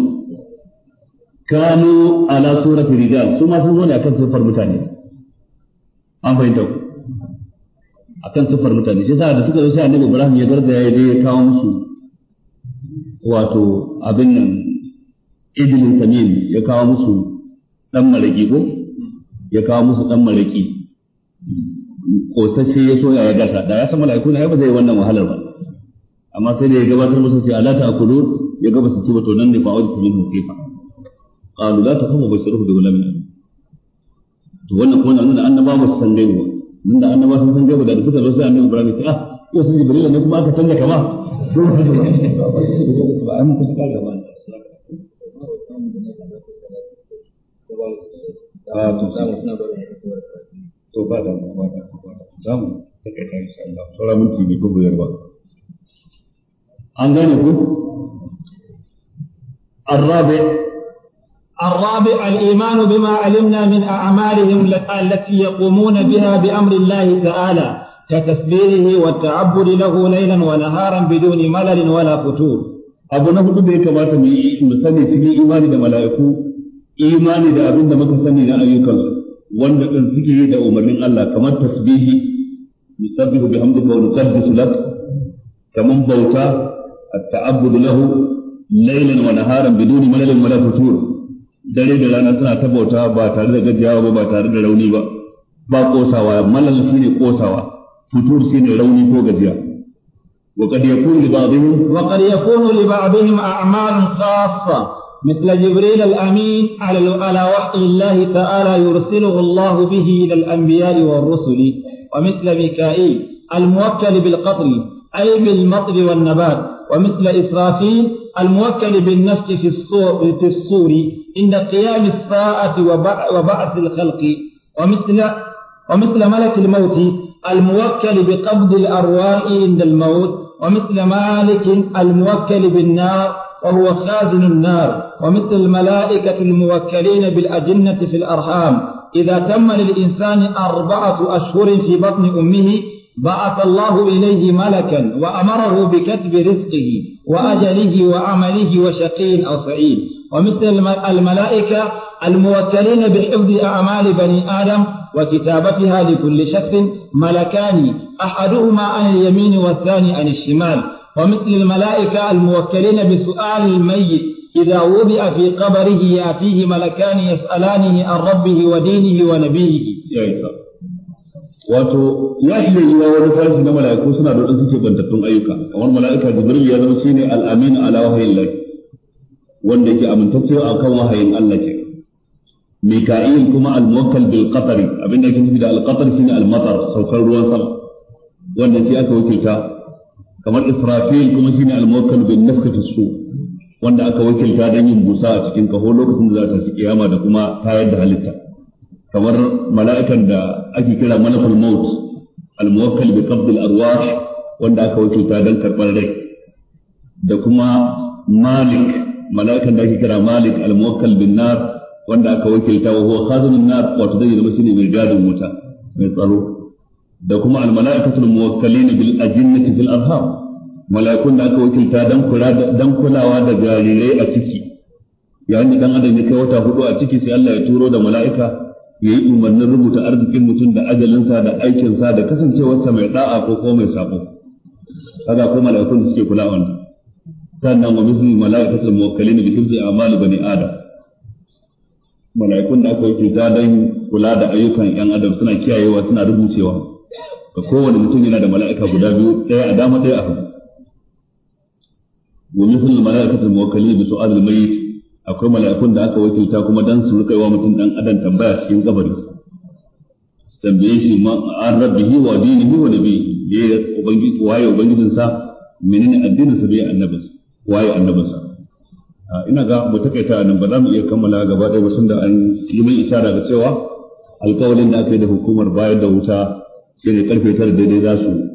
kanu ala surati rijal su ma sun zo ne akan mutane an fahimta ku akan sufar mutane sai da suka zo sai annabi Ibrahim ya garga ya je ya kawo musu wato abin nan idilin tamim ya kawo musu dan maraki ko ya kawo musu dan maraki kosasshe ya so ya gasa da ya san mala'iku ne ba zai wannan wahalar ba amma sai da ya gabatar musu sai alata akulu ya gaba su ci ba to nan ne fa wajin su yi minhu kaifa qalu la tafahu basharuhu bi gulamin to wannan kuma na nuna annaba ba su san gaibu ba da annaba sun san gaibu da suka zo sai annabi Ibrahim sai ah ko sai Jibril ne kuma aka canza kama ba an kusa ka gaba to zamu to ba da ba da zamu take kai insha Allah sura minti ne ko biyar ba an gane ku الرابع الرابع الإيمان بما علمنا من أعمالهم التي يقومون بها بأمر الله تعالى كتسبيحه والتعبد له ليلا ونهارا بدون ملل ولا فتور abu na hudu da kamata mu yi mu sani cikin imani da mala'iku imani da abin da muka sani na ayyukansu wanda din suke yi da umarnin Allah kamar tasbihi yusabbihu bihamdika bauta التعبد له ليلا ونهارا بدون ملل ولا فتور dare da rana suna ta bauta ba tare da gajiyawa ba ba tare da rauni ba ba kosawa malal shine kosawa futur shine rauni ko gajiya wa qad yakunu li ba'dihim wa qad yakunu li ba'dihim a'malun khassa مثل جبريل الأمين على على وحي الله تعالى يرسله الله به إلى الأنبياء والرسل ومثل ميكائيل الموكل بالقطر أي بالمطر والنبات ومثل إسرافيل الموكل بالنفس في الصور, في الصور عند قيام الساعة وبعث الخلق ومثل, ومثل ملك الموت الموكل بقبض الأرواح عند الموت ومثل مالك الموكل بالنار وهو خازن النار ومثل الملائكة الموكلين بالأجنة في الأرحام إذا تم للإنسان أربعة أشهر في بطن أمه بعث الله إليه ملكا وأمره بكتب رزقه وأجله وعمله وشقي أو سعيد ومثل الملائكة الموكلين بحفظ أعمال بني آدم وكتابتها لكل شخص ملكان أحدهما عن اليمين والثاني عن الشمال ومثل الملائكة الموكلين بسؤال الميت إذا وضع في قبره يأتيه ملكان يسألانه عن ربه ودينه ونبيه. يا wato ya iya yiwa wani farshi na mala'iku suna da suke bantattun ayyuka kamar mala'ika jibril ya zama shine al ala wahayin lahi wanda yake amintacce kan wahayin Allah ke mika'il kuma al-muwakkal bil qatari abin da yake nufi da al-qatar shine al-matar saukar ruwan sama wanda shi aka wakilta kamar israfil kuma shine al-muwakkal bin nafkati su wanda aka wakilta don yin busa a cikin kaho lokacin da za ta shi kiyama da kuma tayar da halitta kamar mala'ikan da ake kira malakul maut al-muwakkal bi qabd arwah wanda aka wakilta dan karban rai da kuma malik mala'ikan da ake kira malik al-muwakkal bin nar wanda aka wakilta wa huwa khazinun nar wato zai zama shine mai gadin wuta mai tsaro da kuma al-mala'ikatul muwakkalin bil ajinnati fil arham mala'ikun da aka wakilta dan kula dan kulawa da jarirai a ciki yayin da dan adam ya kai wata hudu a ciki sai Allah ya turo da mala'ika ya yi umarnin rubuta arzikin mutum da ajalinsa da aikinsa da kasancewarsa mai da'a ko ko mai sako kaga ko mala'ikun suke kula wannan sannan wa misli mala'ikatul muwakkalin bi hifzi a'mali bani adam mala'ikun da aka yi ta dan kula da ayyukan yan adam suna kiyayewa suna rubucewa ga kowane mutum yana da mala'ika guda biyu ɗaya a dama ɗaya a hagu wa misli mala'ikatul muwakkalin bi su'adil mayyit akwai mala'ikun da aka wakilta kuma dan su rika wa mutum dan adam tambaya cikin kabari tambaye shi ma an rabbihi wa dinihi wa nabi ne ubangiji waye ubangijin sa menene addinin sa bai annabin sa waye annabin sa ina ga mu takaita nan ba za mu iya kammala gaba ɗaya ba da an yi mai isharar da cewa alƙawarin da aka yi da hukumar bayar da wuta shine ne karfe tara daidai za su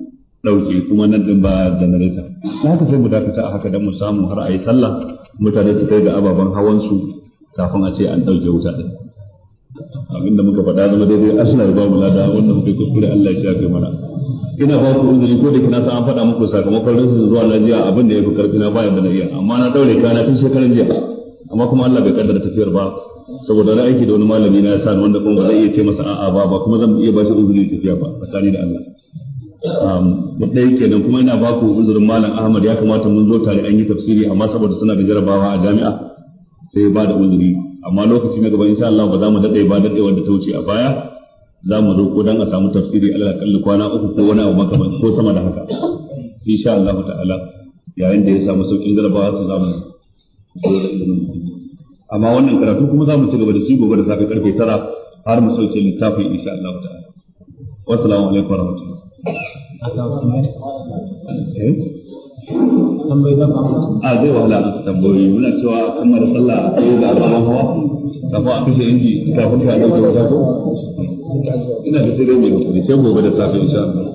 ɗauke kuma nan din ba janareta na haka sai mu dakata a haka dan mu samu har a yi sallah mutane su kai da ababen hawansu kafin a ce an ɗauke wuta din abinda muka faɗa zama daidai asnar ba mu lada wanda muka kuskure Allah ya shafe mana ina ba ku uzuri ko da kina san an faɗa muku sakamakon rinsu zuwa na jiya abin da ya fi karfi na bayan da na iya amma na ɗaure kana tun shekaran jiya amma kuma Allah bai kaddara tafiyar ba saboda na aiki da wani malami na ya sa wanda kuma ba zai iya ce masa a'a ba kuma zan iya ba shi uzuri tafiya ba tsakani da Allah mu um, ɗaya kenan kuma ina ba ku uzurin malam Ahmad ya kamata mun zo tare an yi tafsiri amma saboda suna da jarabawa a jami'a sai ba da uzuri amma lokaci na gaba insha Allah ba za mu daɗe ba daɗe wanda ta wuce a baya za mu zo ko dan a samu tafsiri Allah kalli kwana uku ko wani abu makaman ko sama da haka insha Allah ta'ala yayin da ya samu sauƙin jarabawa su za mu amma wannan karatu kuma za mu ci gaba da shi gobe da safe karfe tara har mu sauke littafin insha Allah ta'ala wassalamu alaikum warahmatullahi a zai wahala a tambayoyi muna cewa kammala sallah ko da ba hawa Kuma a kashe inji kafin ka dauke wata ko ina da sai dai mai sai gobe da safe insha Allah